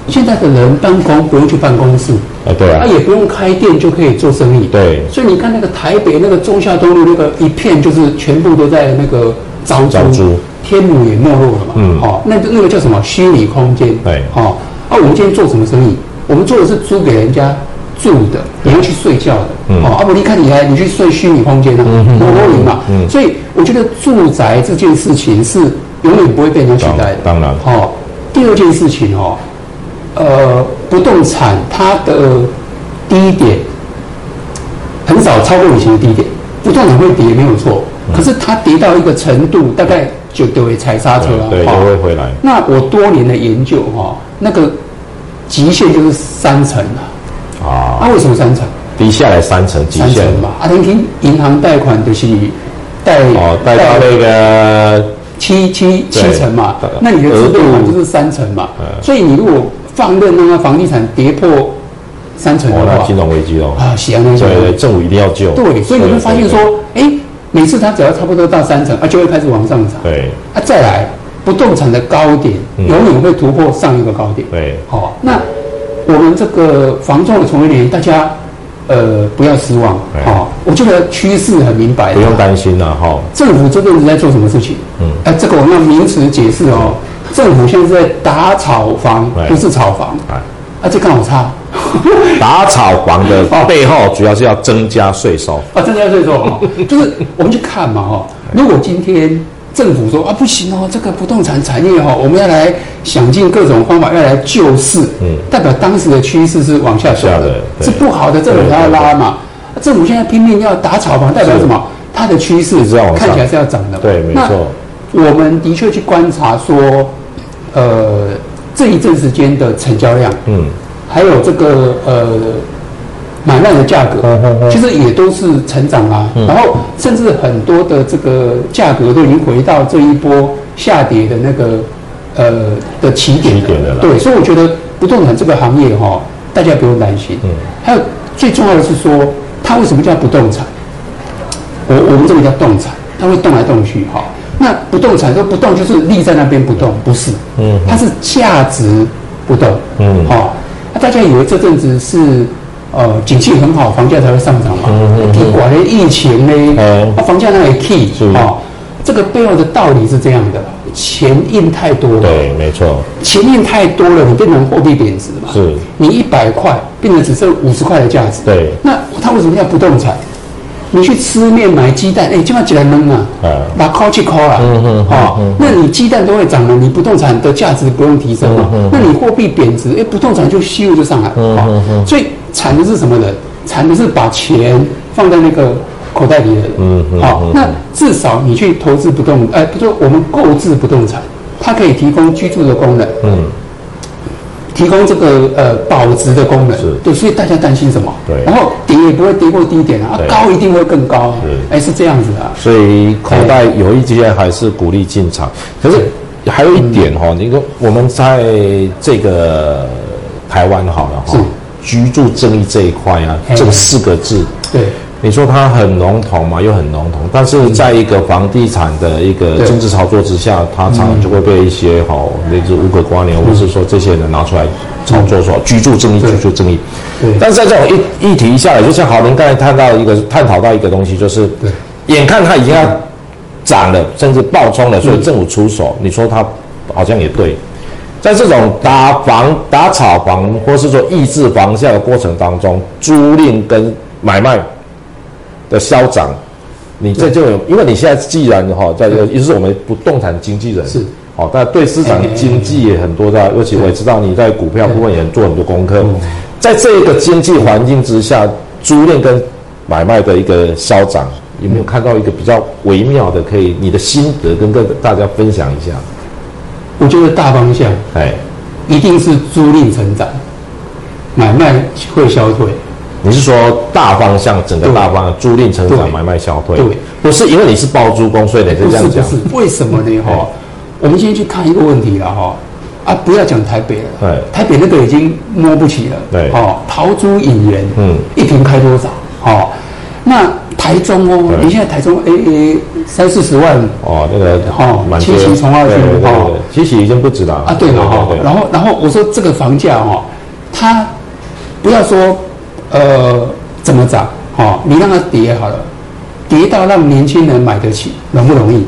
[SPEAKER 1] 現在的人辦公不用去辦公室，啊、哎、對啊，他也不用開店就可以做生意，對。所以你看那個台北那個忠孝東路那個一片，就是全部都在那個招租，天母也沒落了嘛，嗯，好、哦，那那個叫什麼虛擬空間，對，好、哦，啊，我們今天做什麼生意？我們做的是租給人家住的，你要去睡覺的，嗯、哦，我伯，你看你來，你去睡虛擬空間啊，模、嗯、擬、嗯嗯、嘛、嗯嗯，所以我覺得住宅這件事情是永遠不會被人家取代的。當然，好、哦，第二件事情哦，呃，不動產它的低點很少超過以前的低點，不動產會跌沒有錯、嗯，可是它跌到一個程度，大概就就會踩剎車了，嗯、對，就、哦、會回來。那我多年的研究哈、哦，那個極限就是三層了。啊，那為什麼三成？
[SPEAKER 2] 跌下來三成，三成嘛。
[SPEAKER 1] 啊，你聽銀行貸款的是貸貸、哦、到那個七七七成嘛，那你的自備款就是三成嘛。所以你如果放任那個房地產跌破
[SPEAKER 2] 三成的話，哦、那金融危機了、哦、啊！行，對,對對，政府一定要救。對，所以你會發現說，
[SPEAKER 1] 哎、欸，每次它只要差不多到三成，啊，就會開始往上漲。對，啊，再來不動產的高點，嗯、永遠會突破上一個高點。對，好、哦，那。我們這個房仲的從業人員，大家呃不要失望啊、哦！我覺得趨勢很明白。啊、不用
[SPEAKER 2] 擔心了哈。
[SPEAKER 1] 政府這陣子在做什麼事情？嗯，哎，這個我們要名詞解釋哦。政府現在是在打炒房，不是炒房，啊，啊這剛好差
[SPEAKER 2] 打炒房的背後，主要是要增加稅收。
[SPEAKER 1] 啊，增加稅收，就是我們去看嘛哈、哦。如果今天政府說啊不行哦，這個不動產產業哈、哦，我們要來想盡各種方法要來救市。嗯、代表當時的趨勢是往下的下的，是不好的。政、這、府、個、還要拉嘛？對對對對，政府現在拼命要打炒房，代表什麼？它的趨勢看起來是要漲
[SPEAKER 3] 的。對，沒錯。
[SPEAKER 1] 我們的確去觀察說，呃，這一陣時間的成交量，嗯，還有這個呃買賣的價格，嗯嗯嗯，其實也都是成長啊。嗯、然後，甚至很多的這個價格都已經回到這一波下跌的那個呃的起點，起點對，所以我覺得。不動產這個行業哈，大家不用擔心。嗯，還有最重要的是說，它為什麼叫不動產？我我們這裡叫動產，它會動來動去哈。那不動產說不動就是立在那邊不動，不是？嗯，它是價值不動。嗯，那大家以為這陣子是呃景氣很好，房價才會上漲嘛？嗯嗯。就管了疫情呢，房價那裡 key 這個背後的道理是這樣的。錢印太多了，對，沒錯，錢印太多了，你變成貨幣貶值嘛？是你一百塊變得只剩五十塊的價值。對，那、哦、他為什麼要不動產？你去吃麵買雞蛋，哎、欸，就要起來扔啊，啊、嗯，拿敲去敲了嗯哼，哼，哼，哼，哦，那你雞蛋都會漲了，你不動產的價值不用提升了、嗯，那你貨幣貶值，哎、欸，不動產就吸入就上來、哦，嗯哼哼，所以慘的是什麼呢？慘的是把錢放在那個。口袋裡的、嗯，嗯，好、哦嗯，那至少你去投資不動，哎、呃，不說我們購置不動產，它可以提供居住的功能，嗯，提供這個呃保值的功能，對，所以大家擔心什麼？對，然後跌也不會跌過低點啊，啊高一定會更高，啊，對，哎、欸、是這樣子的，啊，
[SPEAKER 2] 所以口袋有一些還是鼓勵進場，可是還有一點哈、哦嗯，你說我們在這個台灣好了哈、哦，居住正義這一塊啊，這四個字，對。你說它很籠統嘛，又很籠統，但是在一個房地產的一個政治操作之下，它常常就會被一些好，那只無可瓜聯，或者是說這些人拿出來操作說、嗯、居住正義居住正義對，對。但是在這種議議題下來，就像郝林剛才探到一個探討到一個東西，就是眼看它已經要漲了，甚至暴衝了，所以政府出手。嗯、你說它好像也對，在這種打房打炒房，或是說抑制房價的過程當中，租賃跟買賣。的消長，你這就有，因為你現在既然哈在這個，也是我們不動產經紀人是，哦，但對市場經濟也很多的，欸欸欸欸，尤其我也知道你在股票部分也做很多功課，在這一個經濟環境之下，租賃跟買賣的一個消長，有沒有看到一個比較微妙的？可以你的心得跟跟大家分享一下。我覺得大方向，哎，一定是租賃成長，買賣會消退。你是說大方向，整個大方向租賃成長，買賣消退。對，對不是因為你是包租公稅的，所以你這樣講。
[SPEAKER 1] 是，為什麼呢？哈、okay. 哦，我們先去看一個問題了哈。啊，不要講台北了，對，台北那個已經摸不起了。對，哦，陶朱隱園，嗯，一坪開多少？哦，那台中哦，你、欸、現在台中 A A、欸、三四十萬
[SPEAKER 2] 哦，那個好、哦、七七從二千七七已經不止了、哦、啊。對了、啊，然後，對然、後、
[SPEAKER 1] 然、後然後我說這個房價哈，它不要說。呃，怎麼漲？哦，你讓它跌好了，跌到讓年輕人買得起，容不容易？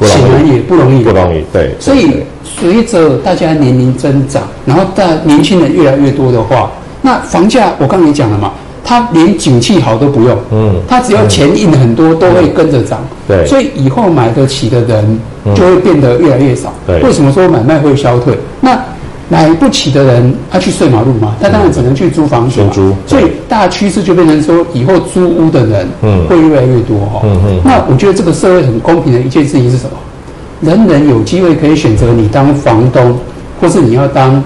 [SPEAKER 2] 顯然也不容易。不，不容易，不，對對對。對。所以，
[SPEAKER 1] 隨着大家年齡增長，然後大年輕人越來越多的話，那房價我剛才也講了嘛，它連景氣好都不用，嗯，它只要錢印很多、嗯，都會跟着漲。對、嗯。所以以後買得起的人、嗯、就會變得越來越少。對。為什麼說買賣會消退？那。買不起的人，他去睡馬路嘛，他當然只能去租房子嘛、嗯、所以大趨勢就變成說，以後租屋的人會越來越多、哦嗯嗯嗯嗯、那我覺得這個社會很公平的一件事情是什麼？人人有機會可以選擇你當房東，或是你要當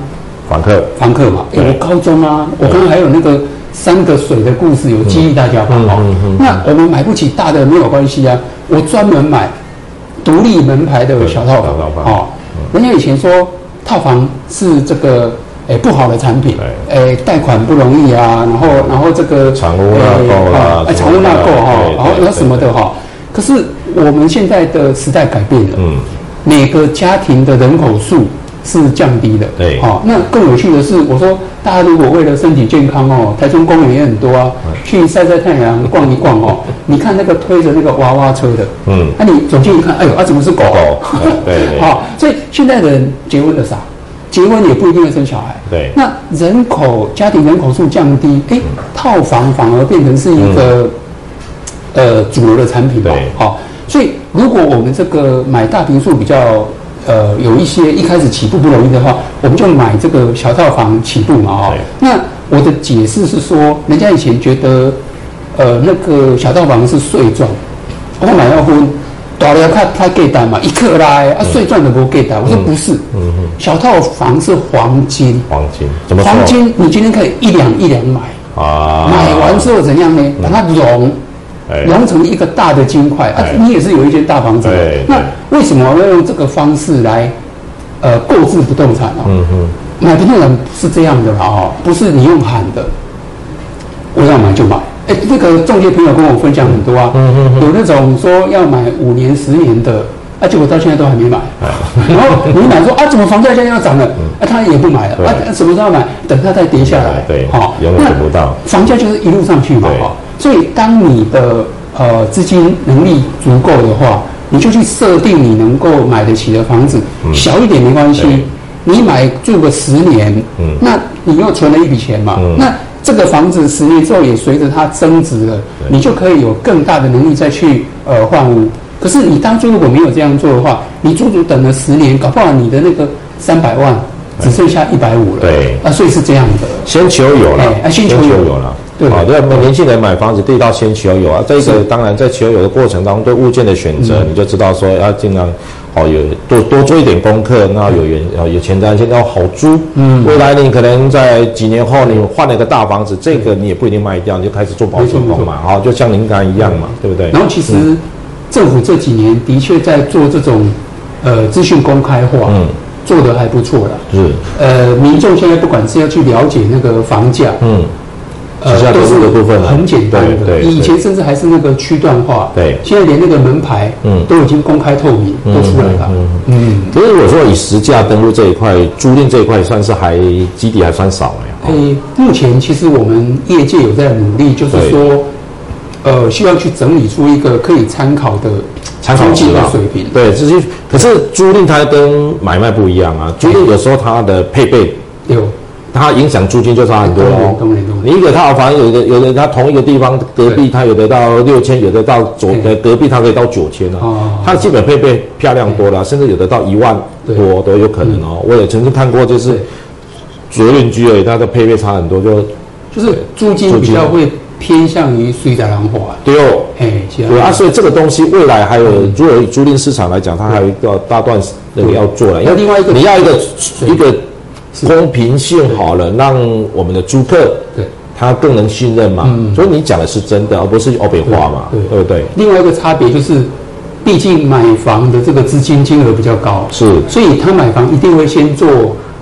[SPEAKER 1] 房客。房客，房客嘛，我高中啊，我剛剛還有那個三個水的故事，有激勵大家吧、嗯嗯嗯嗯？那我們買不起大的沒有關係啊，我專門買獨立門牌的小套房、哦嗯。人家以前說。套房是這個誒、欸、不好的產品，誒貸、欸、款不容易啊，然後然後，然後這個藏
[SPEAKER 2] 污納垢啦，誒、欸啊啊、藏污納垢哈，然後那
[SPEAKER 1] 什麼的哈、喔，可是我們現在的時代改變了，對對對，每個家庭的人口數。嗯是降低的，對，好、哦，那更有趣的是，我說大家如果為了身體健康哦，台中公園也很多啊，去晒晒太陽，逛一逛哦。 你看那個推着那個娃娃車的，嗯，那、啊、你走近一看，哎呦，啊，怎麼是狗？狗，對,對,對，所以現在人結婚的少，結婚也不一定會生小孩，對，那人口家庭人口數降低，哎、欸嗯，套房反而變成是一個、嗯、呃主流的產品哦好、哦，所以如果我們這個買大坪數比較。呃，有一些一開始起步不容易的話，我們就買這個小套房起步嘛、哦，那我的解釋是說，人家以前覺得，呃，那個小套房是碎鑽，我買了婚，大家看他給單嘛，一克拉、嗯、啊，碎鑽能夠給單。我說不是，嗯嗯，小套房是黃金，黃金怎麼說？黃金你今天可以一兩一兩買，啊，買完之後怎樣呢？嗯、把它融。融成一個大的金塊、哎，啊，你也是有一間大房子，那為什麼要用這個方式來，呃，購置不動產啊？嗯、買不動產是這樣的啦、嗯，不是你用喊的，嗯、我要買就買。哎，這、那個中介朋友跟我分享很多啊，嗯嗯、有那種說要買五年、十年的，而且我到現在都還沒買。嗯、然後你買說 啊，怎麼房價現在要漲了？啊，他也不買了，嗯、啊，什麼時候要買？等他再跌下來。對，好，哦、那房價就是一路上去嘛。所以，當你的呃資金能力足夠的話，你就去設定你能夠買得起的房子，嗯、小一點沒關係。你買住個十年，嗯、那你又存了一筆錢嘛、嗯，那這個房子十年之後也隨着它增值了，你就可以有更大的能力再去呃換屋。可是你當初如果沒有這樣做的話，你足足等了十年，搞不好你的那個三百萬只剩下一百五了對。對，啊，所以是這樣的，
[SPEAKER 2] 先求有了，啊，先求有了。對啊，那、哦、麼、這個、年輕人買房子第一道先求有啊。這個當然在求有的過程當中，對物件的選擇、嗯，你就知道說要盡量，哦，有多多做一點功課，那有源有前瞻性，要好租。嗯，未來你可能在幾年後你換了一個大房子，這個你也不一定賣掉，你就開始做包租公嘛，沒錯沒錯哦，就像您剛剛一樣嘛、嗯，對不對？然後其實
[SPEAKER 1] 政府這幾年的確在做這種，呃，資訊公開化，嗯，做得還不錯了。是，呃，民眾現在不管是要去了解那個房價，嗯。嗯實價登錄的
[SPEAKER 2] 個部分、啊、很簡單的，以前
[SPEAKER 1] 甚至還是那個區段化，對，對，現在連那個門牌嗯都已經公開透明都出來了、嗯，
[SPEAKER 2] 嗯嗯。所、嗯、以、嗯、我說以實價登錄這一塊，租賃這一塊算是還基地還算少了、欸
[SPEAKER 1] 欸。所目前其實我們業界有在努力，就是說，呃，需要去整理出一個可以參考的參考計劃水平，對，這
[SPEAKER 2] 些，可是租賃它跟買賣不一樣啊，租賃有時候它的配備有。它影響租金就差很多哦。你一個套房，有的有的，它同一個地方隔壁，它有的到六千，有的到左呃隔壁它可以到九千，啊、它基本配備漂亮多了，甚至有的到一萬多都有可能哦。我也曾經看過，就是，卓運居哎，它的配備差很多，就就是
[SPEAKER 1] 租金比較會偏向於水在家塘火啊。對哦。哎，對啊，啊、所以
[SPEAKER 2] 這個東西未來還有，如果租賃市場來講，它還有一個大段那個要做的，要另外一個你要一個一個。公平性好了，讓我們的租客，對，他更能信任嘛。嗯、所以你講的是真的，而、嗯、不是歐北話嘛，對對，對不對？另外一個差別
[SPEAKER 1] 就是，畢竟買房的這個資金金額比較高，是，所以他買房一定會先做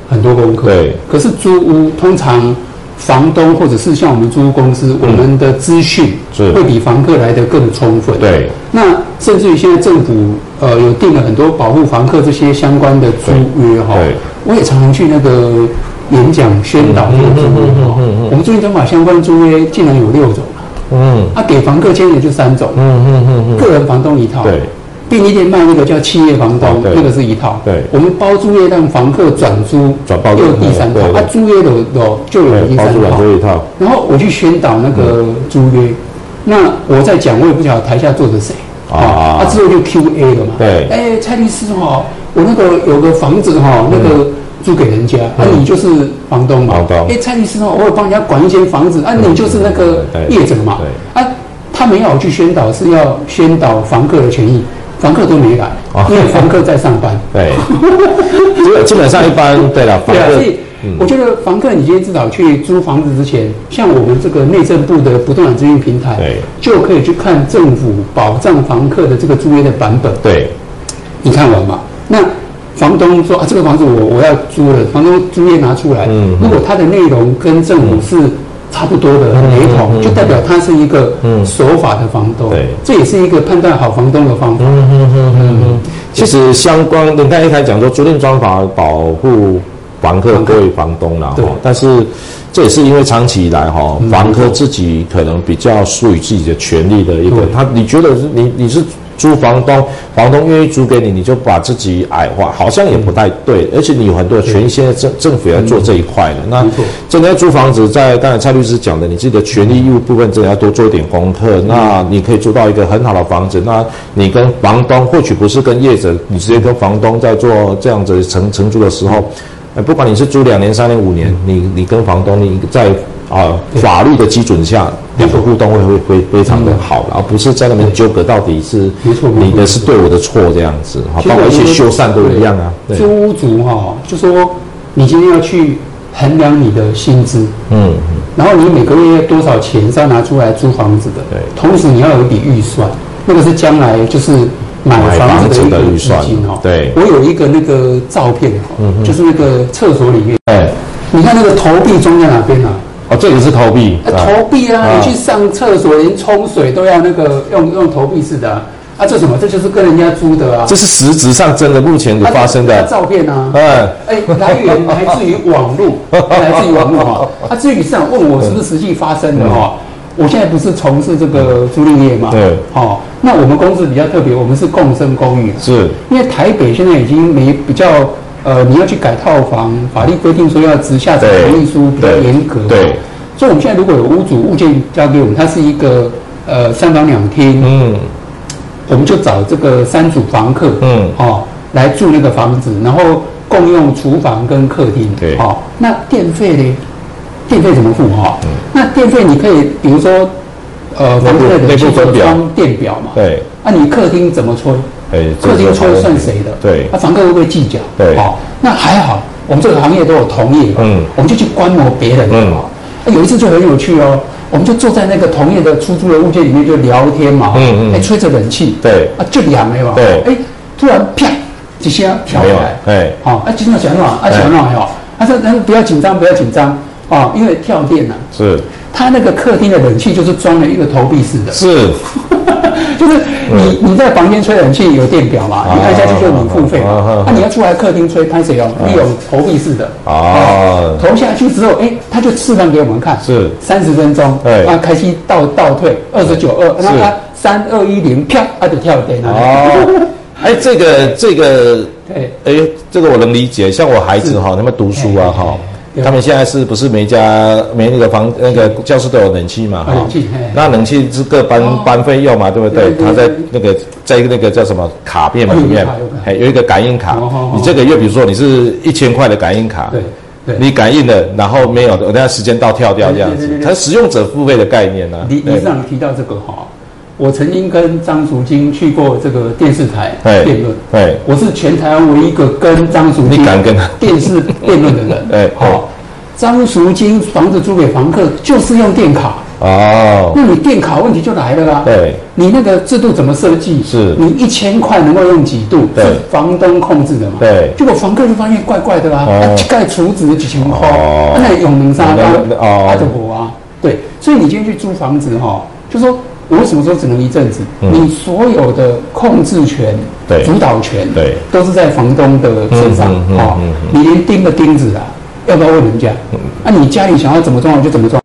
[SPEAKER 1] 很多功課。對。可是租屋通常房東或者是像我們租屋公司，嗯、我們的資訊會比，會比房客來得更充分。對。那甚至於現在政府呃有訂了很多保護房客這些相關的租約哈。我也常常去那個演講、宣導、嗯呵呵呵嗯嗯嗯
[SPEAKER 3] 嗯哦、我們
[SPEAKER 1] 最近都把相關租約竟然有六種了。嗯、啊，給房客簽的就三種。嗯嗯嗯，嗯個人房東一套。對。便利店賣那個叫企業房東，那個是一套。對。對我們包租約讓房客轉租。轉包租。對對對啊、又第三套。對。那租約的的
[SPEAKER 2] 就有第三套。一套。
[SPEAKER 1] 然後我去宣導那個租約，嗯、那我在講，我也不曉得台下坐着誰。啊啊。啊之後就 Q&A 了嘛。對。哎、欸，蔡律師哈。我那個有個房子哈、哦，那個租給人家，那、嗯啊、你就是房東嘛。房東、欸、蔡律師哦，我有幫人家管一間房子，那、啊、你就是那個業者嘛。嗯、對，對對對對對啊、他沒有去宣導是要宣導房客的權益，房客都沒來，因為房客在上班。
[SPEAKER 3] 哦、
[SPEAKER 2] 對，哦、對基本上一般對了。對啊，所以
[SPEAKER 1] 我覺得房客，你今天至少去租房子之前，像我們這個內政部的不動產資訊平台，就可以去看政府保障房客的這個租約的版本。對，你看完嗎？那房東說啊，這個房子我我要租了，房東租約拿出來，嗯、如果它的內容跟政府是差不多的沒、雷、嗯、同、嗯，就代表他是一個守法的房東、嗯嗯。對，這也是一個判斷好房東的方法。嗯嗯嗯嗯
[SPEAKER 2] 其實相關，你剛才講說租賃專法保護房客，各位房東了、哦、對。但是這也是因為長期以來哈、哦嗯，房客自己可能比較屬於自己的權利的一個，他你覺得是你你是。租房東，房東願意租給你，你就把自己矮化，好像也不太對。嗯、而且你有很多權限的政、嗯，政政府也要做這一塊的。嗯、那真的要租房子在，在剛才蔡律師講的，你自己的權利義務部分，真的要多做點功課、嗯。那你可以租到一個很好的房子。那你跟房東，嗯、或許不是跟業者，你直接跟房東在做這樣子承承租的時候，哎，不管你是租兩年、三年、五年，嗯、你你跟房東，你在。啊、哦，法律的基準下，兩個互動會會非非常的好，而不是在那邊糾葛到底是你的是對我的錯這樣子，包括一些修繕都一樣啊。租屋
[SPEAKER 1] 族哈、哦，就說你今天要去衡量你的薪資，
[SPEAKER 2] 嗯，
[SPEAKER 1] 然後你每個月多少錢是要拿出來租房子的，對。同時你要有一筆預算，那個是將來就是買房子的一個預算。對、哦。對，我有一個那個照片哈、哦，就是那個廁所裡面，哎，你看那個投幣裝在哪邊呢、啊？
[SPEAKER 2] 這也是投幣，投幣啊！你去
[SPEAKER 1] 上廁所，連沖水都要那個用用投幣式的啊,啊！這什麼？這就是跟人家租的啊！這是
[SPEAKER 2] 實質上真的目前發生的、啊啊啊、
[SPEAKER 1] 照片啊、嗯！哎，來源 來自於網
[SPEAKER 2] 絡，來自於網絡哈！
[SPEAKER 1] 他、 啊、至於想問我是不是實際發生的哈、嗯嗯嗯哦？我現在不是從事這個租賃業嘛、嗯嗯？對，哦，那我們公司比較特別，我們是共生公寓、啊，是因為台北現在已經沒比較。呃，你要去改套房，法律規定說要直下載同意書比較嚴格，對對。對，所以我們現在如果有屋主物件交給我們，它是一個呃三房兩廳，嗯，我們就找這個三組房客，嗯，哦來住那個房子，然後共用廚房跟客廳，對，好、哦，那電費呢？電費怎麼付？哈、哦嗯，那電費你可以比如說呃，房客可以裝電表嘛，表對，那、啊、你客廳怎麼吹？客廳吹算誰的？對，那房客會不會計較？對，好、啊，那還好，我們這個行業都有同業，嗯，我們就去觀摩別人了，嗯、啊，有一次就很有趣哦，我們就坐在那個同業的出租的物件裡面就聊天嘛，嗯嗯，欸、吹着冷氣，對，啊，就還、欸、沒有，對、欸，哎，突然啪，直接要跳起來，哎，好，哎，其中的小諾啊，小諾沒有，他、欸、說，他、啊欸啊欸啊、不要緊張，不要緊張，哦、啊，因為跳電了、啊，
[SPEAKER 3] 是，
[SPEAKER 1] 他那個客廳的冷氣就是裝了一個投幣式的，是。
[SPEAKER 3] 就是你
[SPEAKER 1] 是你在房間吹冷氣有電表嘛、啊？你按下去就你付費。那、啊啊啊啊啊啊、你要出來客廳吹，拍誰哦？你有投幣式的啊，啊投下去之後，哎、欸，他就示範給我們看，是三十
[SPEAKER 2] 分鐘，對、欸，
[SPEAKER 1] 那開始倒倒退二十九二，那他三二一零，啪啊，就跳電了。
[SPEAKER 2] 哦、啊，哎、欸，這個、欸、這個，對，哎、這個欸，這個我能理解。像我孩子哈，他們、哦、讀書啊哈。嘿嘿他們現在是不是每家每那個房那個教室都有冷氣嘛？哈、哦，那冷氣是各班、哦、班費用嘛？對不對？他在那個在一個那個叫什麼卡片嘛、哦、裡面有有，有一個感應卡。哦哦、你這個，又比如說你是一千塊的感應卡，對、哦哦，你感應了然後沒有，那時間到跳掉這樣子。它使用者付費的概念呢、啊？你李總
[SPEAKER 1] 提到這個哈、哦。我曾經跟張淑晶去過這個電視台辯論，我是全台灣唯一一個跟張淑晶電視辯論的人，好，張淑晶房子租給房客就是用電卡，
[SPEAKER 3] 那你
[SPEAKER 1] 電卡問題就來了啦，對，你那個制度怎麼設計？是，你一千塊能夠用幾度？對，房東控制的嘛，對，結果房客就發現怪怪、怪的啦，蓋廚子的幾千塊，永能沙拉阿德伯啊，啊，啊啊啊、對，所以你今天去租房子哈、哦，就說。我為什麼說只能一陣子、嗯？你所有的控制權、主導權，都是在房東的身上。嗯嗯嗯哦嗯、你
[SPEAKER 3] 連釘個釘子啊，要不要問人家？那、嗯啊、你家裡想要怎麼裝就怎麼裝、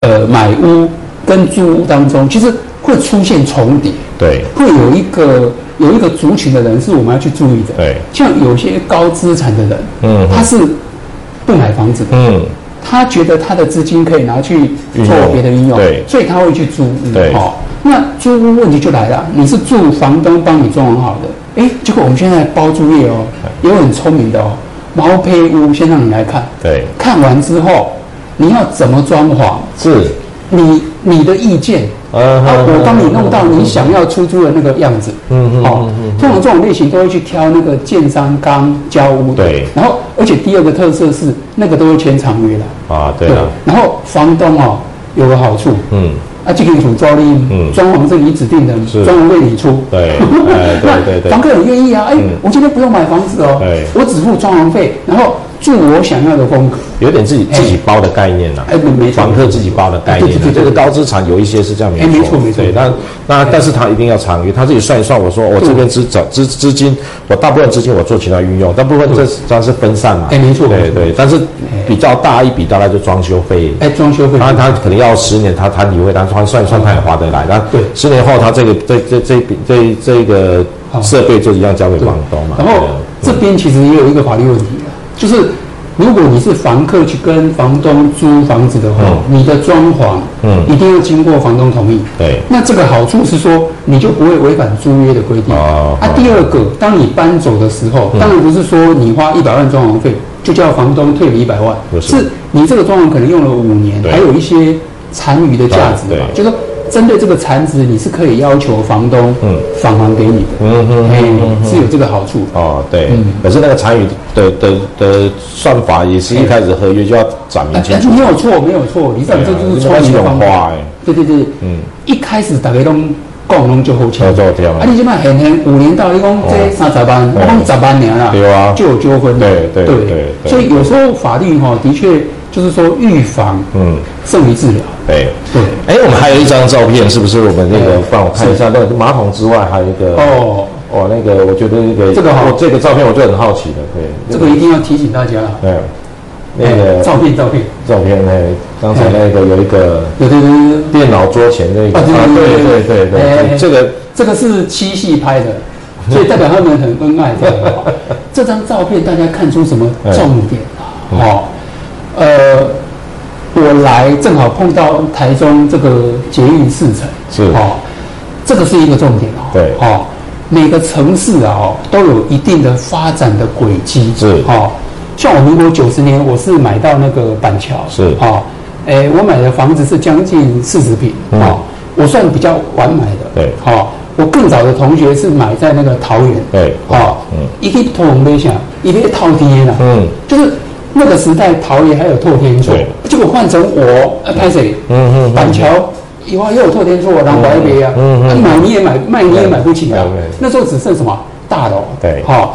[SPEAKER 3] 嗯。呃，買屋跟租屋當中，其實會出現重疊，對，會有一個、嗯、有一個族群的人是
[SPEAKER 1] 我們要去注意的。對，像有些高資產的人，嗯，他是不買房子的，嗯。他覺得他的資金可以拿去做別的運用，用，對，所以他會去租、嗯。哦，那租屋問題就來了，你是住房東幫你裝潢好的，哎，結果我們現在包租業哦，也有很聰明的哦，毛胚屋，先讓你來看，對，看完之後你要怎麼裝潢？是你，你的意見。Uh -huh. 啊，我幫你弄到你想要出租的那個樣子。嗯嗯，哦，通常這種類型都會去挑那個建商剛交屋的。對，然後而且第二個特色是那個都會簽長約了。啊、uh -huh.，對然後房東哦有個好處，嗯、uh -huh. 啊，啊就可以付租賃，嗯，裝潢是你指定的，裝潢費你出。對，那對對對，對對 房客很願意啊，哎，uh -huh.
[SPEAKER 2] 我今天不用買房子哦，uh -huh. 我只付裝潢費，然後。住我想要的風格，有點自己自己包的概念了，啊，房、欸、客自己包的概念，啊。這個高資產有一些是這樣沒，沒錯，沒錯。對，沒錯對沒錯那沒錯那，那但是他一定要長遠，他自己算一算，我說我這邊資資資資金，我大部分資金我做其他運用，大部分這算是分散嘛，沒錯，對對，但是比較大一筆，大概就裝修費，哎、欸，裝修費，他他可能要十年他，他他以會他算一算，他也划得來，對、嗯，十年後他這個、嗯、這這這筆這這個設備就一樣交給房東嘛，然
[SPEAKER 1] 後這邊其實也有一個法律問題。就是，如果你是房客去跟房東租房子的話，嗯、你的裝潢、嗯，一定要經過房東同意。那這個好處是說，你就不會違反租約的規定。啊，啊。那、啊、第二個，當你搬走的時候，嗯、當然不是說你花一百萬裝潢費就叫房東退你一百萬、就是，是。你這個裝潢可能用了五年，還有一些殘餘的價值吧，就是。針對這個殘值，你是可以要求房東返還給你的，嗯，是有這
[SPEAKER 2] 個好處哦。對，可是那個參與的的的算法，也是一開始合約就要講明確。但是沒有
[SPEAKER 1] 錯，沒有錯，你知道這就是創新方法。對對對，嗯，一開始大家都共同就好錢，啊，你這麼很很五年到一共這三十萬，我們十八年了，有
[SPEAKER 2] 啊，就有糾紛。對，對對對，所以有
[SPEAKER 1] 時候法律哈，的確。就是說，預防，嗯，勝於治療，
[SPEAKER 2] 對，對，哎，我們還有一張照片，是，是不是？我們那個幫我看一下，那個馬桶之外還有一個哦，哦，那個我覺得那個這個好，這個照片我就很好奇的，對、這個，這個一定
[SPEAKER 1] 要提醒大家
[SPEAKER 2] 了，沒、嗯、那個照片，照片，照片，呢，個剛才那個有一個，對對對，電腦桌前那個，對對對對對，對對對這個、這
[SPEAKER 1] 個、這個是七夕拍的，
[SPEAKER 2] 所以代表
[SPEAKER 1] 他們很恩愛的。這張照片大家看出什麼重點啊？呃，我來正好碰到台中這個捷運四層，是哈、哦，這個是一個重點哦。對，哈、哦，每個城市啊都有一定的發展的軌跡，是哈、哦。像我民國九十年，我是買到那個板橋，是哈。哎、哦，我買的房子是將近四十坪，哈、嗯哦，我算比較晚買的。對、嗯，哈、哦，我更早的同學是買在那個桃園，對，哈、哦，嗯，一邊通了一下，一邊套跌了，嗯，
[SPEAKER 3] 就
[SPEAKER 1] 是。那個時代，桃園還有透天厝。結果換成我，呃、啊，台北、嗯，板橋，以後又有透天厝，然後台北啊，嗯，啊嗯，買你也買，賣你也買不起的、啊嗯嗯，那時候只剩什麼大樓？對，好、哦，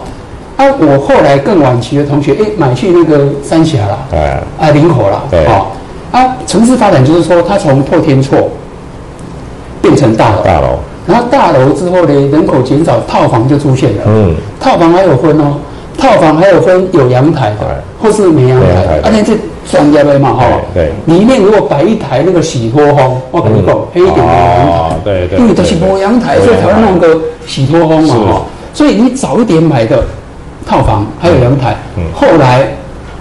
[SPEAKER 1] 啊，我後來更晚期的同學，哎、欸，買去那個三峽了，哎，啊，林口了，好、哦，啊，城市發展就是說，它從透天厝變成大樓，大樓，然後大樓之後呢，人口減少，套房就出現了，嗯，套房還有分哦。套房還有分有陽台的，或是沒陽台，而且算商家的嘛，哈，
[SPEAKER 2] 對。
[SPEAKER 1] 裡面如果擺一台那個洗脫烘，我跟你講，黑一點的。陽，
[SPEAKER 2] 對，因為這沒陽台，所以才會弄
[SPEAKER 1] 個洗脫烘嘛，吼。所以你早一點買的套房還有陽台，後來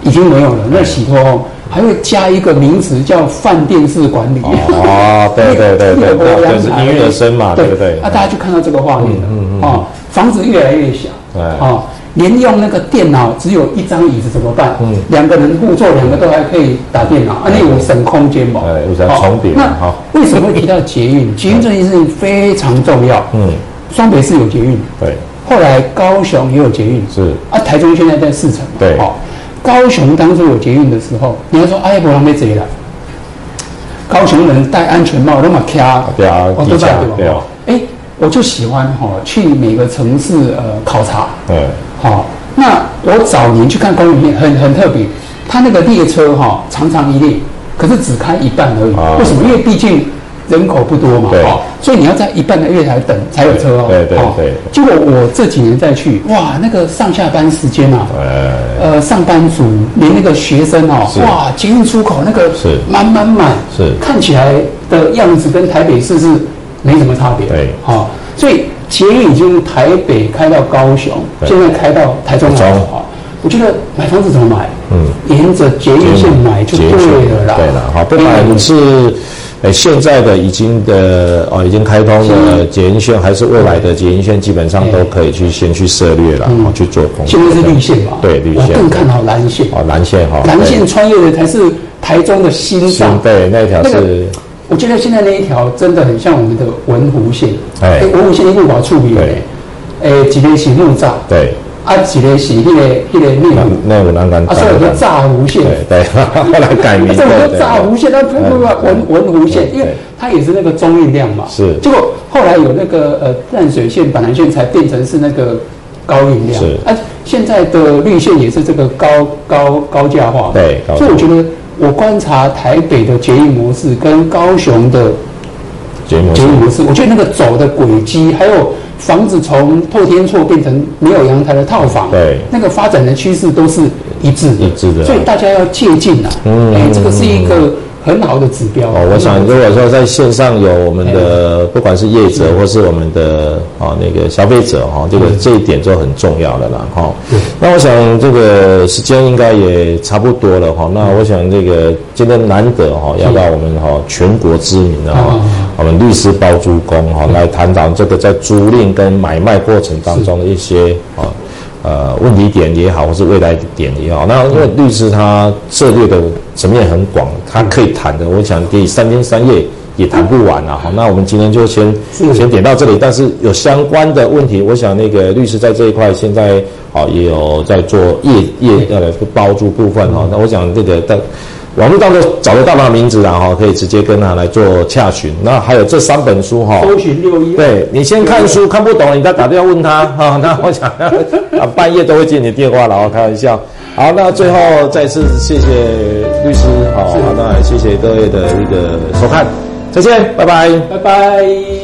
[SPEAKER 1] 已經沒有了。那洗脫烘還會加一個名詞叫飯店式管理，啊，對
[SPEAKER 2] 對對對對，應運而生嘛，對不對，對？
[SPEAKER 1] 啊，大家就看到這個畫面了，嗯嗯，啊，啊，房子越來越小，啊，啊，對，對，啊，啊。連用那個電腦，只有一張椅子怎麼辦？嗯，兩個人互坐，兩、嗯、個都還可以打電腦，啊、嗯、那有省空間嘛？哎、嗯，有省空間。那為什麼提到捷運、嗯？捷運這件事情非常重要。嗯，雙北市有捷運，對。後來高雄也有捷運，是。啊，台中現在在試乘，對。哦，高雄當初有捷運的時候，你要說：“哎、啊、呀，不能被賊了。”高雄人戴安全帽那麼卡，
[SPEAKER 2] 對啊，我都在對哎、哦欸，
[SPEAKER 1] 我就喜歡哈、哦、去每個城市呃考察，對。好，那我早年去看公園片，很很特別。他那個列車哈、哦，長長一列，可是只開一半而已。啊，為什麼？因為畢竟人口不多嘛。對。哦、所以你要在一半的月台等才有車哦。對對對、哦。結果我這幾年再去，哇，那個上下班時間啊，呃，上班族連那個學生哦，哇，捷運出口那個是滿滿滿，是看起來的樣子跟台北市是沒什麼差別。對。好、哦，所以。捷運已經台北開到高雄，
[SPEAKER 2] 現在開到台中來了。
[SPEAKER 1] 我覺得買房子怎麼買？
[SPEAKER 2] 嗯，沿着捷運線買就對了啦的。對了，好，不管你是，呃、欸，現在的已經的哦，已經開通的捷運線，還是未來的捷運線，基本上都可以去先去涉獵了，嗯、去做功課。現在是綠線嘛？對，綠線。更看好藍線。啊藍線哈、哦哦。藍線
[SPEAKER 1] 穿越的才是台中的心臟。
[SPEAKER 2] 對，那條是。那個
[SPEAKER 1] 我覺得現在那一條真的很像我們的文湖線，哎、欸，文湖線有有、欸、一路跑臭名嘞，哎，幾列式木柵，
[SPEAKER 2] 對，啊幾列式一列一列綠，那我難講，啊，所以叫炸
[SPEAKER 1] 湖線，對，對
[SPEAKER 2] 後來改名，怎麼叫炸
[SPEAKER 1] 湖線？那不不不文文湖線，因為它也是那個中運量嘛，是，結果後來有那個呃淡水線、板南線才變成是那個高運量，是，啊現在的綠線也是這個高高高架化，對，所以我覺得。我觀察台北的捷運模式跟高雄的捷運模式，我覺得那個走的軌跡，還有房子從透天厝變成沒有
[SPEAKER 2] 陽台的套房，對，那個發展的趨勢都是一致的，一致的。所以
[SPEAKER 1] 大家要借鏡吶，哎，這個是一個。很好的指標哦、oh,，我想如
[SPEAKER 2] 果說在線上有我們的，不管是業者或是我們的啊、哦、那個消費者哈、哦，這個這一點就很重要了啦哈。那我想這個時間應該也差不多了哈、哦。那我想這個今天難得哈、哦，要到我們哈、哦、全國知名的哈、哦，我們律師包租公哈、哦、來談談這個在租賃跟買賣過程當中的一些啊、哦。呃，問題點也好，或是未來點也好，那因為律師他涉獵的層面很廣，他可以談的，我想第三天三夜也談不完啊。好，那我們今天就先先點到這裡，但是有相關的問題，我想那個律師在這一塊現在哦也有在做業業要包住部分哈、哦。那我想這、那個在。但網絡當做找得到他的名字，然後可以直接跟他來做洽詢，那還有這三本書哈，多尋六一，對，你先看書，看不懂你再打電話問他啊， 那我想、啊、半夜都會接你的電話，然後開玩笑。好，那最後再次謝謝律師，好，好，當然謝謝各位的一個收看，再見，拜拜，拜拜。